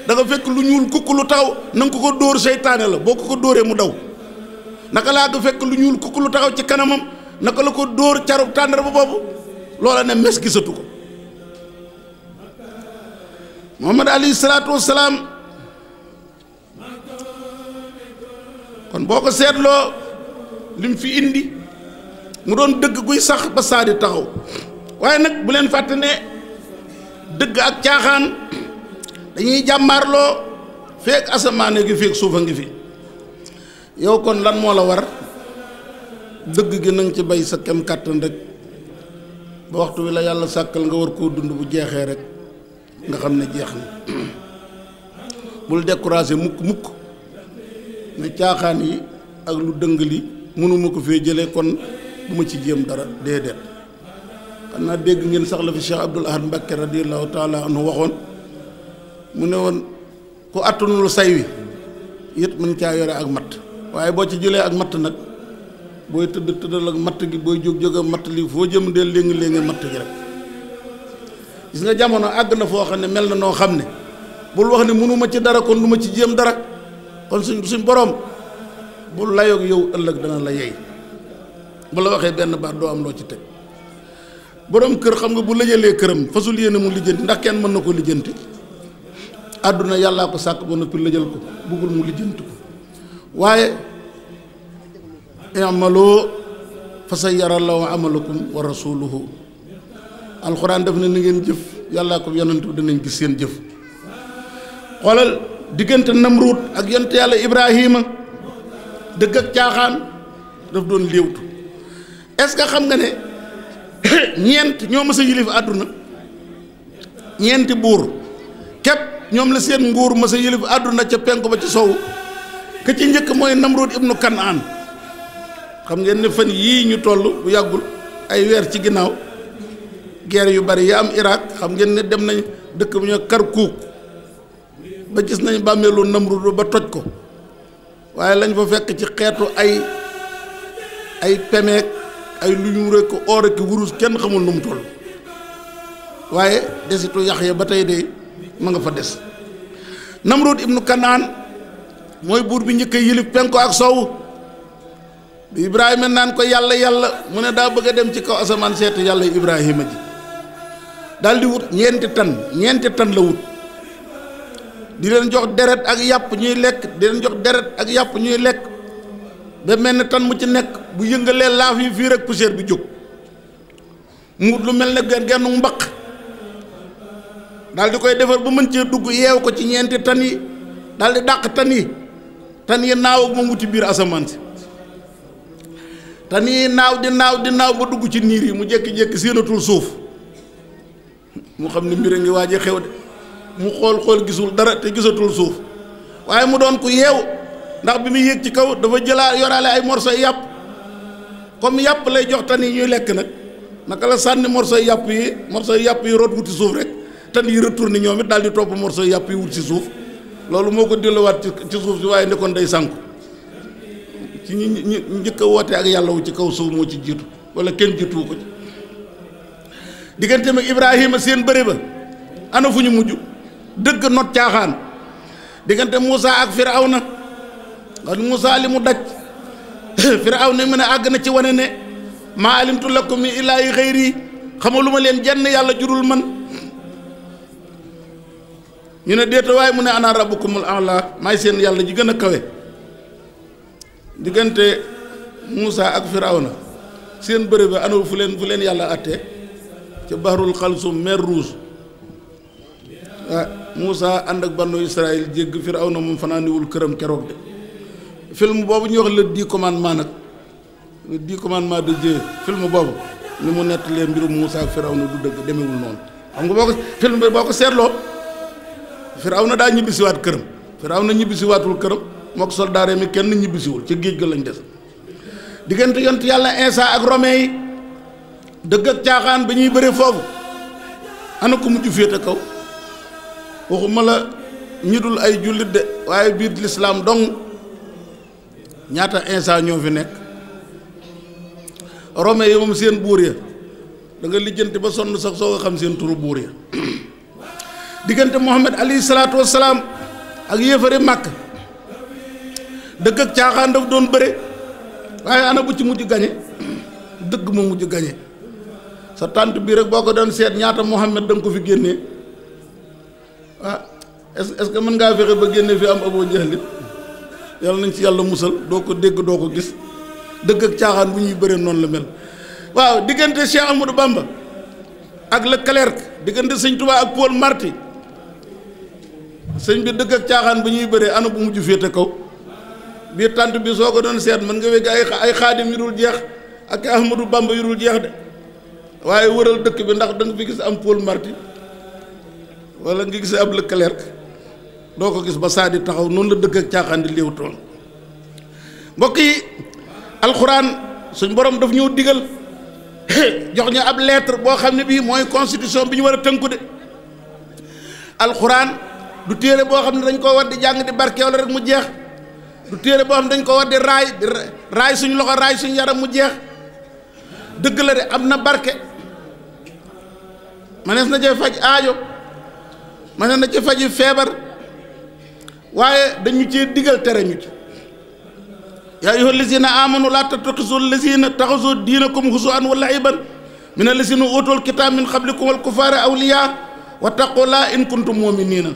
da fekk lu ñuul kukk lu taxaw ko ko dóor seytaane la boo ko ko dóoree mu daw naka laa nga fekk lu ñuul kukk lu taxaw ci kanamam naka la ko dóor caru tàndar ba boobu loola ne mes gisatu ko muhammad alayhi salaatu wassalaam kon boo ko seetloo lim fi indi mu doon dëgg guy sax ba saa taxaw waaye nag bu leen fàtte dëgg ak caaxaan dañuy jàmbaarloo feek asamaane gi feek suufa ngi fi yow kon lan moo la war dëgg gi nang ci bay sa kem kàttan rek ba waxtu wi la yàlla sàkkal nga war koo dund bu jeexee rek nga xam ne jeex na bul découragé mukk mukk ne caaxaan yi ak lu dëng li mënuma ko fee jëlee kon bu ma ci jéem dara déedéet xam naa dégg ngeen sax la fi Cheikh Abdoul Ahad Mbacké radiallahu taala anhu waxoon mu ne woon ku attanul say wi yët mën caa yore ak matt waaye boo ci jëlee ak matt nag booy tëdd tëddal ak matt gi booy jóg jóg matt lii foo jëm dee léngi léngi matt gi rek gis nga jamono àgg na foo xam ne mel na noo xam ne bul wax ne mënuma ci dara kon lu ma ci jéem dara kon suñ suñ boroom bul layoog yow ëllëg dana la yey bu la waxee benn baat doo am loo ci teg boroom kër xam nga bu lëjalee këram fasul yéene mu lijjanti ndax kenn mën na ko lijjanti àdduna yàllaa ko sàkk ba noppi lëjal ko buggul mu lijjanti ko waaye amaloo fa sa yaral la wa amalakum wa rasuluhu alxuraan def na ni ngeen jëf yàllaa ko yonent bi danañ gis seen jëf xoolal diggante namruut ak yonent yàlla ibrahima dëgg ak caaxaan daf doon léewtu est-ce que xam nga ne ñeent ñoo mës a yilif àdduna ñeenti buur képp ñoom la seen nguur mës a yilif àdduna ca penku ba ca sowu ka njëkk mooy namruut ibnu kanaan xam ngeen ne fan yii ñu tollu bu yàggul ay weer ci ginnaaw guerre yu bari ya am Irak xam ngeen ne dem nañ dëkk bu ñu Kirkuk ba gis nañ bàmmeelu Namruud ba toj ko waaye lañ fa fekk ci xeetu ay ay pemeek ay lu ñu rekk or ak wurus kenn xamul nu mu waaye desitu Yaxya ba tey de mu nga fa des Namruud ibnu Kanaan mooy buur bi njëkk a yilif ak soow bi Ibrahima naan ko yàlla yàlla mu ne daa bëgg a dem ci kaw asamaan seetu yàlla Ibrahima ji daal di wut ñeenti tan ñeenti tan la wut di leen jox deret ak yàpp ñuy lekk di leen jox deret ak yàpp ñuy lekk ba mel ne tan mu ci nekk bu yëngalee laaf yi fii rek poussière bi jóg mu lu mel ne genn genn mbaq daal di koy defar ba mën cee dugg yeew ko ci ñeenti tan yi daal di dàq tan yi tan yi naaw ak moom wuti biir asamaan si tan yi naaw di naaw di naaw ba dugg ci niir yi mu jékki-jékki séenatul suuf mu xam ne mbir a ngi waaj a xew de mu xool xool gisul dara te gisatul suuf waaye mu doon ku yeew ndax bi muy yéeg ci kaw dafa jëlaa yoraale ay morso yàpp comme yàpp lay jox tan yi lekk nag naka la sànni morso yàpp yi yàpp yi root wuti suuf rek tan yi ni ñoom it daal di topp morso yàpp yi wut si suuf loolu moo ko delluwaat ci suuf si waaye nekkoon day sànku ci ñi ñi njëkk a woote ak yàlla wu ci kaw suuf moo ci jiitu wala kenn jiitu ko ci. diggante mag Ibrahima seen bëre ba ana fu ñu mujj dëgg not caaxaan diggante Moussa ak Firawna na Moussa li mu daj Firawna mu ne àgg na ci wane ne maa alimtu lakum min ilaahi xayri ma leen jenn yàlla jurul man ñu ne déeta waaye mu ne ana rabbukumul a'laa may seen yàlla ji gën a kawe diggante muusa ak Firawna seen bëre ba ana fu leen fu leen yàlla àttee ca bahrul xalsum mer rouge ah ànd ak bannu Israël jégg na moom fanaaniwul këram keroog de film boobu ñuy wax le dii commandement nag le dix commandement de Dieu film boobu ni mu nettalee mbirum Moussa ak Firawna du dëgg demewul noonu xam nga boo ko film bi boo ko seetloo Firawna daa ñibbisiwaat këram Firawna ñibbisiwaatul këram mook soldaare mi kenn ñibbisiwul ci géej gi lañ des diggante yont yàlla Insa ak romain yi. dëgg ak caaxaan ba ñuy bëre foofu ana ko mujj féete kaw waxuma la ay jullit de waaye biir lislaam dong ñaata instant ñoo fi nekk rome yi moom seen buur ya da lijjanti ba sonn sax soo nga xam seen turu buur ya diggante Muhammad alayhi salaatu ak yéefari màkk dëgg ak caaxaan daf doon bëre waaye ana bu ci mujj gañe dëgg ma mujj gañe sa tànt bii rek boo ko doon seet ñaata Mouhamed da nga ko fi génnee ah est-ce que mën ngaa fexe ba génne fi am aboo jëxlit yàlla nañ ci yàlla musal doo ko dégg doo ko gis dëgg ak caaxaan bu ñuy bëree noonu la mel waaw diggante Cheikh Amadou Bamba ak Leclerc diggante sëñ Touba ak Paul sëñ bi dëgg caaxaan bu ñuy bëree ana bu mujj féete kaw biir tànt bi soo ko doon seet mën nga wégg ay ay xaadim yu dul jeex ak Ahmadou Bamba yu dul jeex de waaye wëral dëkk bi ndax da nga fi gis am Paul Marty walla nga gis ab Leclerc doo ko gis ba saa taxaw noonu la dëkk ak caaxaan di léew toon mbokk yi alxuraan suñ borom daf ñëw digal jox ñu ab lettre boo xam ne bii mooy constitution bi ñu war a tënku de alxuraan du téere boo xam ne dañ koo war di jàng di barke wala rek mu jeex du téere boo xam ne dañ koo war di raay raay suñ loxo raay suñu yaram mu jeex dëgg la de am na barke manees na cee faj aajo manees na ci faji feebar waaye dañu cee digal tere ñu ci yaa ayyuha lazina amanu laa tattaxisu lazina taxasu diinakum huzuwan wa la'iban min allazina utul kitaab min qablikum wal kufaara awliyaa wa taqullaaha in kuntum mu'miniina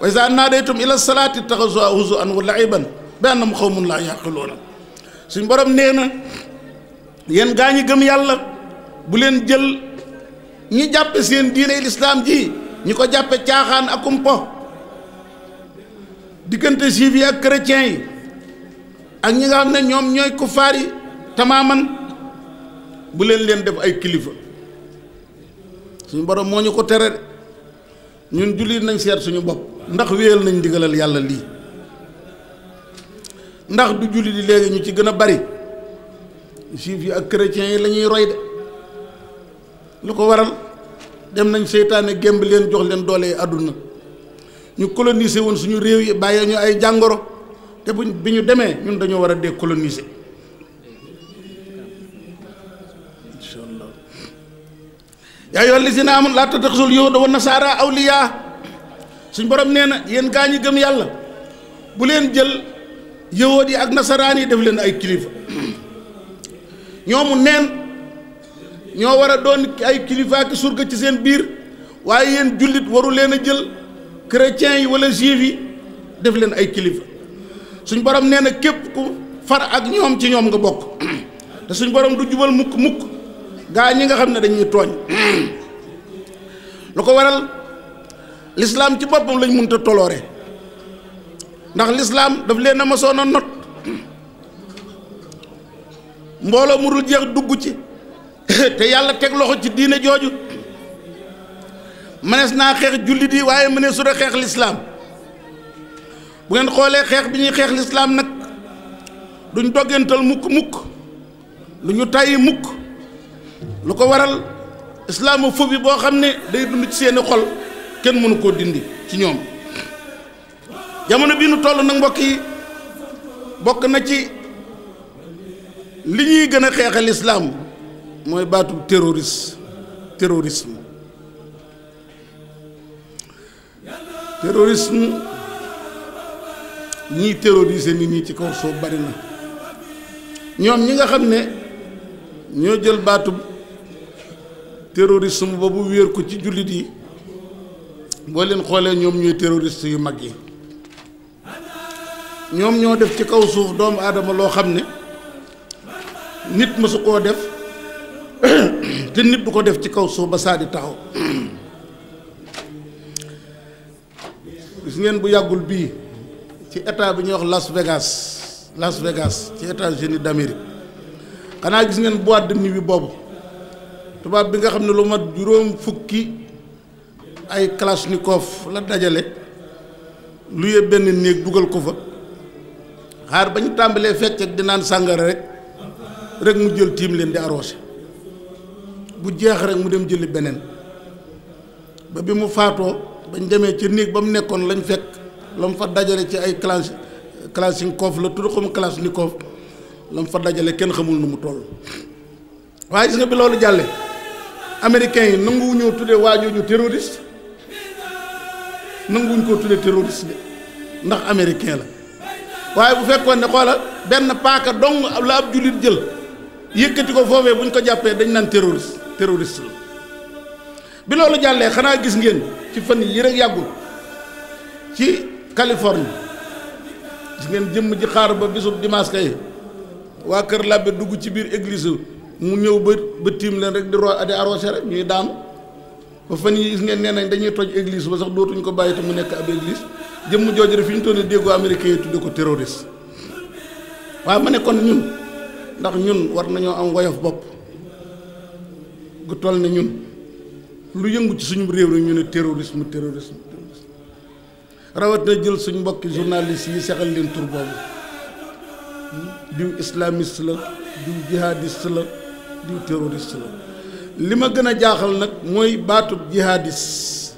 wa izaa naadaytum ila salaati taxasuha huzuwan wa la'iban bi annahum qawmun laa yaqiluuna suñ borom nee na yéen gaa gëm yàlla bu leen jël. ñi jàppe seen diine lislaam ji ñi ko jàppe caaxaan ak umpo diggante juif yi ak chrétien yi ak ñi nga xam ne ñoom ñooy kufaar yi tamaaman bu leen leen def ay kilifa suñu borom moo ñu ko tere ñun jullit nañ seet suñu bopp ndax wéyal nañ digalal yàlla lii ndax du jullit yi léegi ñu ci gën a bari juif yi ak chrétien yi lañuy roy de lu ko waral dem nañ seytaane gémb leen jox leen doole yi àdduna ñu colonise woon suñu réew yi bàyyi ñu ay jàngoro te buñ bi ñu demee ñun dañoo war a décoloniser incha allah yaa ayyuha llazina aamanu laa tattaxizul yahuuda wa nasaara awliyaa suñ borom nee na yéen gaa ñi gëm yàlla bu leen jël yahuud yi ak nasaraan yi def leen ay kilifa ñoomu neen ñoo war a doon ay kilifa ak surga ci seen biir waaye yéen jullit waru leen a jël chrétiens yi wala juif yi def leen ay kilifa suñ borom nee na képp ku far ak ñoom ci ñoom nga bokk te suñ borom du jubal mukk mukk gaa ñi nga xam ne dañuy tooñ lu ko waral lislaam ci boppam lañ mënta toloore ndax lislaam daf leen a masoon a not mbooloo mu dul jeex dugg ci te yàlla teg loxo ci diine jooju mënees naa xeex jullit yi waaye mënees su xeex lislaam bu ngeen xoolee xeex bi ñuy xeex lislaam nag duñ doggantal mukk mukk lu ñu tàyyi mukk lu ko waral islamophobie boo xam ne day dund ci seeni xol kenn mënu koo dindi ci ñoom jamono bii nu toll nag mbokk yi bokk na ci li ñuy gën a xeexal mooy baatu terroriste terrorisme terrorisme ñiy terroriser nit ñi ci kaw soo bari na ñoom ñi nga xam ne ñoo jël baatu terrorisme ba bu wéer ko ci jullit yi boo leen xoolee ñoom ñooy terroriste yu mag yi ñoom ñoo def ci kaw suuf doomu aadama loo xam ne nit mësu koo def te nit du ko def ci kaw suuf ba saa di taxaw gis ngeen bu yàggul bii ci état bi ñuy wax Las Vegas Las Vegas ci États-Unis d'Amérique xanaa gis ngeen boîte de nuit bi boobu tubaab bi nga xam ne lu ma juróom fukki ay kalachnikov la dajale lu yee benn néeg dugal ko fa xaar ba ñu tàmbalee fecc ak di naan sàngara rek rek mu jël tiim leen di arrosé bu jeex rek mu dem jëli beneen ba bi mu faatoo bañ demee ci néeg ba mu nekkoon lañ fekk la mu fa dajale ci ay classe kalashnikov la tudd xamu kalashnikov la mu fa dajale kenn xamul nu mu toll waaye gis nga bi loolu jàlle américains yi nanguwu ñoo tuddee waa jooju terroriste nanguwuñ koo tuddee terroriste de ndax américain la waaye bu fekkoon ne xoolal benn paaka dong la ab jullit jël yëkkati ko foofee buñ ko jàppee dañ naan terroriste terroriste bi loolu jàllee xanaa gis ngeen ci fan yi rek yàggul ci Californie gis ngeen jëmm ji xaar ba bisub dimanche kay waa kër làbbe dugg ci biir église mu ñëw ba ba tiim leen rek di ro di arrosé rek ñuy daanu ba fan yi ngeen nee nañ dañuy toj église ba sax dootuñ ko bàyyi te mu nekk ab église jëmm jooju rek fi ñu toll nii déggoo américain yi tudde ko terroriste waaye ma ne kon ñun ndax ñun war nañoo am woyof bopp gu toll na ñun lu yëngu ci suñu réew rek ñu ne terrorisme terrorisme terrorisme rawat na jël suñu mbokki journaliste yi sexal leen tur boobu diw islamiste la diw jihadiste la diw terroriste la li ma gën a jaaxal nag mooy baatu jihadiste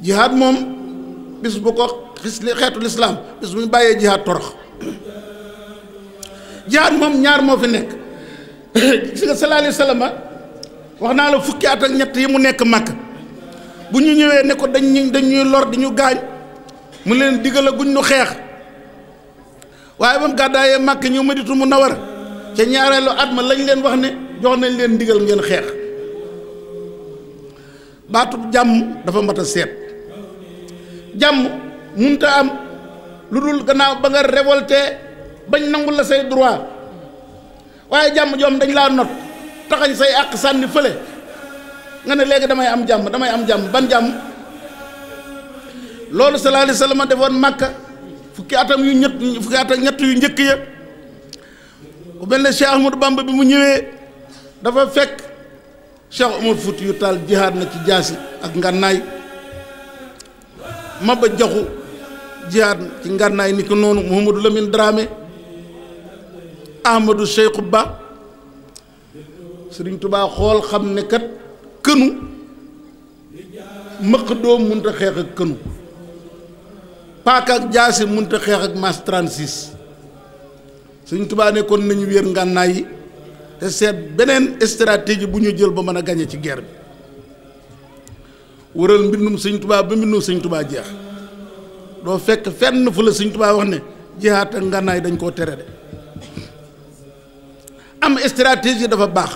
jihad moom bis bu ko xeetu lislaam bis bu ñu bàyyee jihad torox jihad moom ñaar moo fi nekk gis nga sallallahu alayhi wax naa la fukki at ak ñett yi mu nekk màkk bu ñu ñëwee ne ko dañ dañ lor di ñu gaañ mu leen digal a guñ ñu xeex waaye ba mu gàddaayee màkk ñu maditu mu nawar ca ñaareelu at ma lañ leen wax ne jox nañ leen digal ngeen xeex baatub jàmm dafa mat a seet jàmm munta am lu dul gannaaw ba nga révolté bañ nangu la say droit waaye jàmm joom dañ laa not taxañ say àq sànni fële nga ne léegi damay am jàmm damay am jàmm ban jàmm loolu sallallahu alayhi wa sallam defoon màkka fukki atam yu ñett fukki atam ñett yu njëkk ya ku mel ne Cheikh Ahmadou bi mu ñëwee dafa fekk Cheikh Omar Fouti yu taal jihaad na ci jaasi ak ngànnaay Maba Jaxu jihaad ci ngànnaay ni ko noonu Mouhamadou Lamine Dramé Ahmadou Cheikhou Ba sëriñ tubaa xool xam ne kat kënu mëq doom mënut xeex ak kënu paaka ak jaasi munta a xeex ak mas 36 suñ tubaa nekkoon nañu wéer ngànnaay yi te seet beneen stratégie bu ñu jël ba mën a gañe ci guerre bi wëral mbindum suñ tubaa ba mbindum sëñ tubaa jeex doo fekk fenn fu la sëñ tubaa wax ne jihaat ak ngànnaay dañ koo tere de am stratégie dafa baax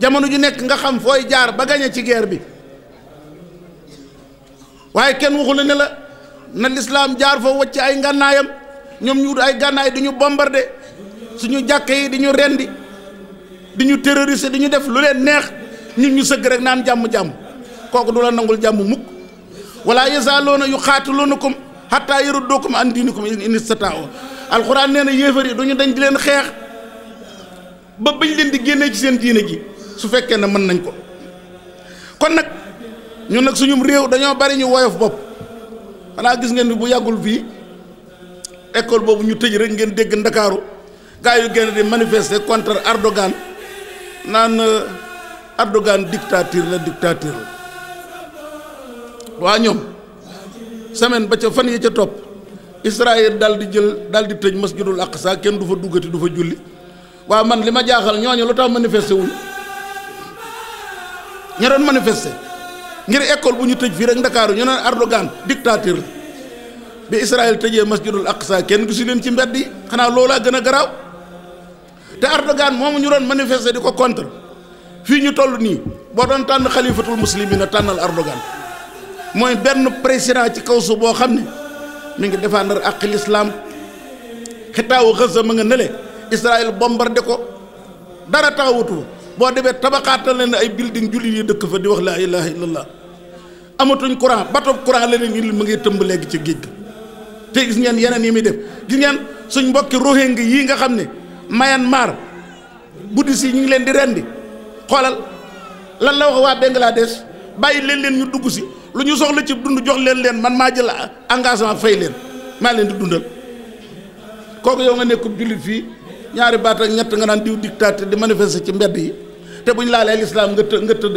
jamono ju nekk nga xam fooy jaar ba gañe ci geer bi waaye kenn waxu la ne la na lislaam jaar foo wacc ay ngànnaayam ñoom ñu wut ay gànnaay di ñu bombardé suñu jàkka yi di ñu rendi di ñu terroriser di ñu def lu leen neex ñun ñu sëgg rek naan jàmm-jàmm kooku du la nangul jàmm mukk wala yazaaluuna yuqaatiluunakum hattaa yarudduukum an diinikum in istataa'u alxuraan nee na yéefar yi du ñu dañ di leen xeex ba bañ leen di génnee ci seen diine gi su fekkee ne mën nañ ko kon nag ñun nag suñum réew dañoo bari ñu woyof bopp xanaa gis ngeen ni bu yàggul fii ecole boobu ñu tëj rek ngeen dégg ndakaaru gaa yu génn di manifester contre Erdogan naan euh, Erdogan dictature la dictature waa ñoom semaine ba ca fan yi ca topp Israël daal di jël daal di tëj masjidul aqsa kenn du fa duggati du fa julli waaw man li ma jaaxal ñooñu lu tax manifester wuñ ña doon manifester ngir école bu ñu tëj fii rek ndakaaru ñu naan Erdogan dictateur la bi Israël tëjee masjidul Aqsa kenn gisu leen ci mbedd yi xanaa loolu loolaa gën a garaaw te Erdogan moomu ñu doon manifester di ko contre fii ñu toll nii boo doon tànn xalifatul muslimina tànnal Erdogan mooy benn président ci kaw su boo xam ne mi ngi défendre ak l'islam xitaawu Gaza ma nga nele Israël bombarde ko dara taxawutu boo demee tabaxaatal leen ay building jullit yi dëkk fa di wax laa ilaha illallah amatuñ courant bato courant leneen ñu mu ngi tëmb léegi ci géej gi te gis ngeen yeneen yi muy def gis ngeen suñ mbokki Rohingya yii nga xam ne Myanmar bouddhiste si ñu ngi leen di rendi xoolal lan la wax waa Bangladesh bàyyi leen leen ñu dugg si lu ñu soxla ci dund jox leen leen man maa jël engagement fay leen maa leen di dundal kooku yow nga nekkub jullit fii ñaari baat ak ñett nga naan diw dictateur di manifester ci mbedd yi te buñ laalee lislaam nga të nga tëdd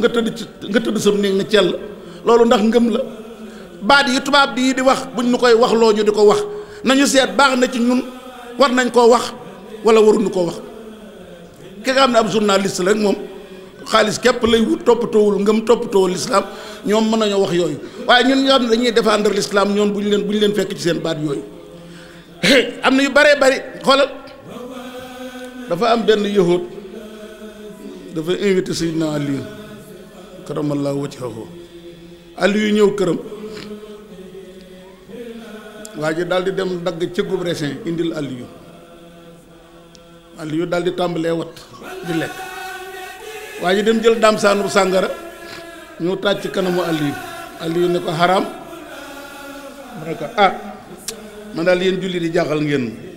nga tëdd ci nga tëdd sam néeg na cell loolu ndax ngëm la baat yi tubaab bi di wax buñ ñu koy wax loo ñu di ko wax nañu seet baax na ci ñun war nañ koo wax wala waruñu koo wax ki am na ne ab journaliste rek moom xaalis képp lay wut toppatoowul ngëm toppatoowul lislaam ñoom mën nañoo wax yooyu waaye ñun ñoo xam ne dañuy défendre lislaam ñoom bu ñu leen bu ñu leen fekk ci seen baat yooyu am na yu bëree bëri xoolal dafa am benn yahut dafa invité Seydina Aliyu karamallahu wajhahu yu ñëw këram waa ji dal di dem dagg cëggub resin indil Aliyu yu dal di tàmbalee wat di lekk waa ji dem jël daam saanub sàngara ñu tàcc kanamu Aliyu Aliyu ne ko xaraam mu ne ko ah man daal yéen julli di jaaxal ngeen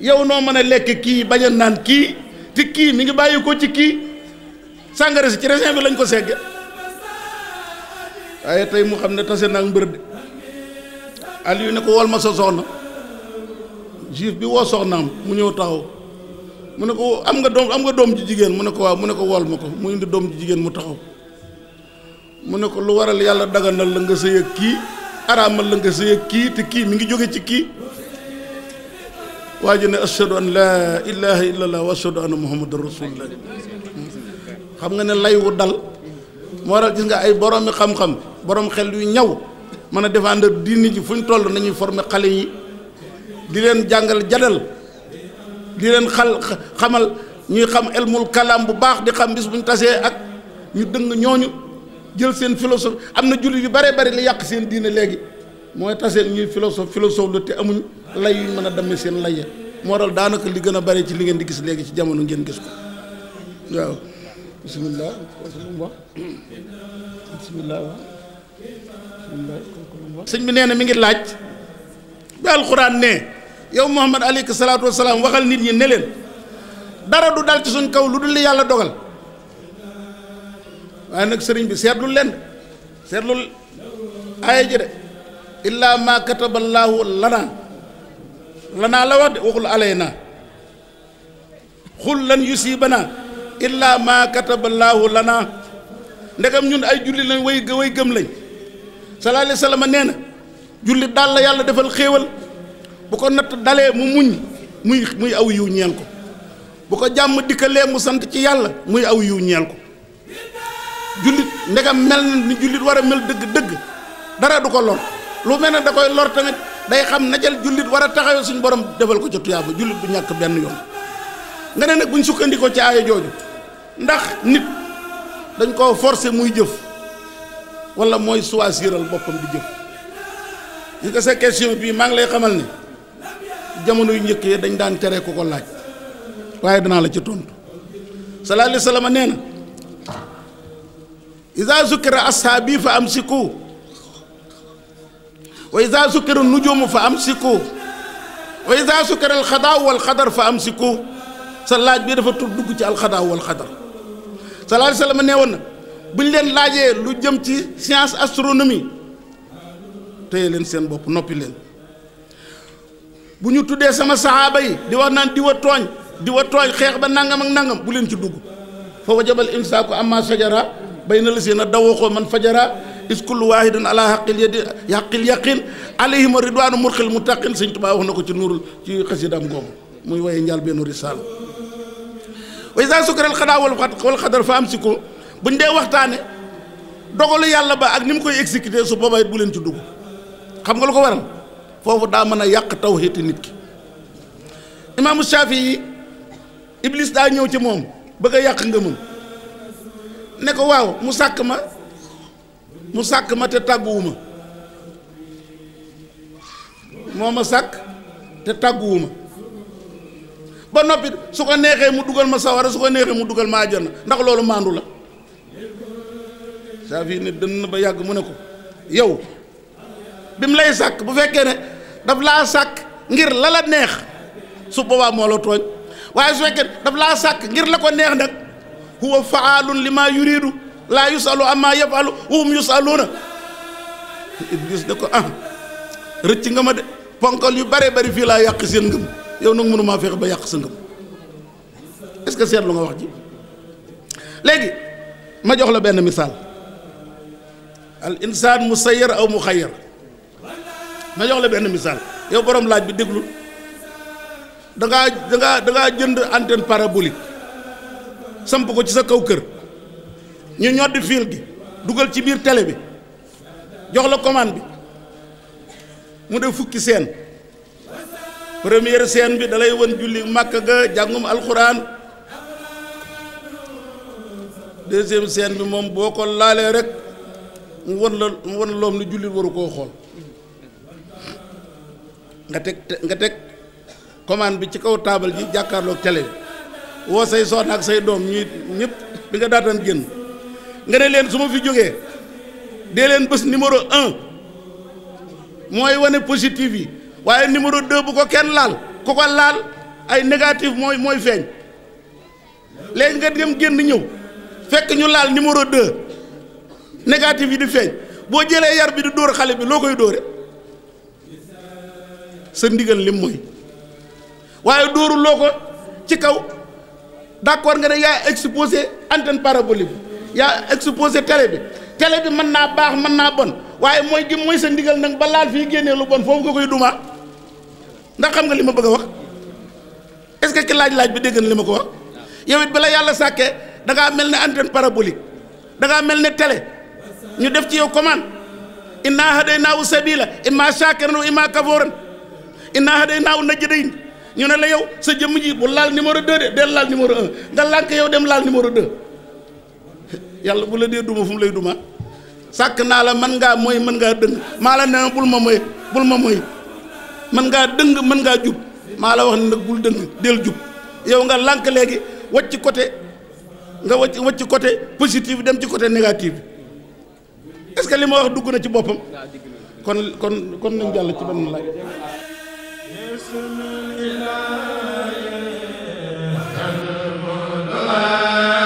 yow noo mën a lekk kii bañ a naan kii te kii mi ngi bàyyi ko ci kii sàngara si ci raisin bi lañ ko segge waaye tey mu xam ne tase naa mbër de Aliou ne ko wol ma sa soxna juif bi woo soxnaam mu ñëw taxaw mu ne ko am nga doom am nga doom ji jigéen mu ne ko waaw mu ne ko wol ma ko mu indi doom ji jigéen mu taxaw mu ne ko lu waral yàlla daganal la nga sëy kii araamal la nga sëy kii te kii mi ngi jóge ci kii waa ji ne ashadu an laa ilaha illallah wa ashadu anna muhammadan rasulullah xam nga ne lay wu dal moo gis nga ay boroomi xam-xam borom xel yu ñaw mën a défendre diini ji fu ñu toll nañuy former xale yi di leen jàngal jadal di leen xal xamal ñuy xam elmul kalaam bu baax di xam bis bu ñu tasee ak ñu dëng ñooñu jël seen philosophie am na jullit yu bare bari li yàq seen diine léegi mooy taseeg ñuy philosophe philosophe la te amuñ lay yuñ mën a demee seen lay ya moo dal daanaka li gën a bari ci li ngeen di gis léegi ci jamono ngeen gis ko waaw bismillah bismillah sëñ bi nee na mi ngi laaj bi alxuraan ne yow muhammad aleyka salaatu wasalaam waxal nit ñi ne leen dara du dal ci suñ kaw lu dul li yàlla dogal waaye nag sëriñ bi seetlu leen seetlu aaye ji de illaa ma kataballaahu lanaa lanaa la wax de waxul alaynaa xul lan yusiibanaa illaa ma kataballaahu lanaa ndegam ñun ay julli lañ way way gëm lañ sallallahu nee na julli daal la yàlla defal xéewal bu ko natt dalee mu muñ muy muy aw yiw ñeel ko bu ko jàmm dikkalee mu sant ci yàlla muy aw yiw ñeel ko jullit ndegam mel na ni jullit war a mel dëgg dëgg dara du ko lor lu mel ne da koy lor tamit day xam na jël jullit war a taxawee suñu borom defal ko ca tuyaaba jullit bu ñàkk benn yoon nga ne nag buñ sukkandikoo ci aaya jooju ndax nit dañ koo forcer muy jëf wala mooy choisiral boppam di jëf li ko sekkee question bii maa ngi lay xamal ne jamono yu njëkk yi dañ daan tere ku ko laaj waaye danaa la ci tontu sallallahu alayhi wa sallam nee na iza zukira ashaabi fa amsiku su iza sukkira nujumu fa amsiku wa iza sukkira alxadaaw wal xadar fa am amsiku sa laaj bi dafa tur dugg ci alxadaaw wal xadar sallallahu alayhi wa sallam nee woon na bu leen laajee lu jëm ci science astronomie téye leen seen bopp noppi leen bu ñu tuddee sama saxaaba yi di wax naan diwa tooñ di tooñ xeex ba nangam ak nangam bu leen ci dugg fa wajabal imsaaku amma sajara na la seen a dawoo ko man fajara is kullu waahidin ala xaqil yadi xaqil yaqin alayhima ridwaanu murxil muttaqin sëñ Tuubaa wax na ko ci nuurul ci xasidaam googu muy woye njaal benn risaal wa isa sukkaral xadaa wal xadar fa am si ko buñ dee waxtaane dogalu yàlla ba ak ni mu koy exécuté su boobaa bu leen ci dugg xam nga lu ko waral foofu daa mën a yàq taw tawhiid nit ki imaamu Shaafi yi iblis daa ñëw ci moom bëgg a yàq ngëmam ne ko waaw mu sàkk ma mu sàkk ma te tàgguwuma moo ma sàkk te tàgguwuma ba noppit su ko neexee mu dugal ma sawara su ko neexee mu dugal ma àjjana ndax loolu màndu la saa fii ne ba yàgg mu ne ko yow bi mu sàkk bu fekkee ne daf laa sàkk ngir la neex su boobaa moo la tooñ waaye su fekkee daf laa sàkk ngir la ko neex nag huwa faalun li maa yuriidu laa yusalu amma yafalu wum yusaluuna iblis ne ko ah rëcc nga ma de ponkal yu bare bari fii laa yàq seen ngëm yow nag mënumaa fexe ba yàq sa ngëm est-ce que seetlu nga wax ji léegi ma jox la benn misaal al insaan musayyar aw muxayyar ma jox la benn misaal yow borom laaj bi déglu dangaa dangaa dangaa jënd antenne parabolique samp ko ci sa kaw kër ñu ñoddi fil gi dugal ci biir tele bi jox la commande bi mu def fukki seen première seen bi dalay won julli makk ga jàngum alxuraan deuxième seen bi moom boo ko laalee rek mu won la mu won loom ni jullit waru koo xool nga teg nga teg commande bi ci kaw taabal ji jàkkaarloog télé bi woo say soxna ak say doom ñuy ñëpp bi nga daataan génn nga ne leen su ma fi jógee dee leen bés numéro un mooy wane positif yi waaye numéro deux bu ko kenn laal ku ko laal ay négatif mooy mooy feeñ léegi nga dem génn ñëw fekk ñu laal numéro deux négatif yi di feeñ boo jëlee yar bi di dóor xale bi loo koy dóore sa ndigal lim mooy waaye dóoru loo ko ci kaw d'accord nga ne yaa exposé antenne parabolique yaa exposé télé bi télé bi mën naa baax mën naa bon waaye mooy gi mooy sa ndigal nag ba laal fii génnee lu bon foofu nga koy duma ndax xam nga li ma bëgg a wax est-ce que ki laaj-laaj bi dégg na ko wax yow it bala yàlla sàkke da ngaa mel ne antenne parabolique da ngaa mel ne tele ñu def ci yow commande innaa hadaynaahu sabila imma shakiran wa imma kafuran innaa hadaynaahu najdayn ñu ne la yow sa jëmm ji bu laal numéro 2 de del laal numéro 1 nga lànk yow dem laal numéro 2 yàlla bu la dee duma fu mu lay duma sàkk naa la mën ngaa mooy mën ngaa dëng maa la nee bul ma mooy bul ma mooy mën ngaa dëng mën ngaa jub maa la wax ne nag bul dëng del jub yow nga lànk léegi wacc côté nga wacc wacc côté positif dem ci côté négative est que li ma wax dugg na ci boppam kon kon kon nañ jàll ci benn laaj Bismillah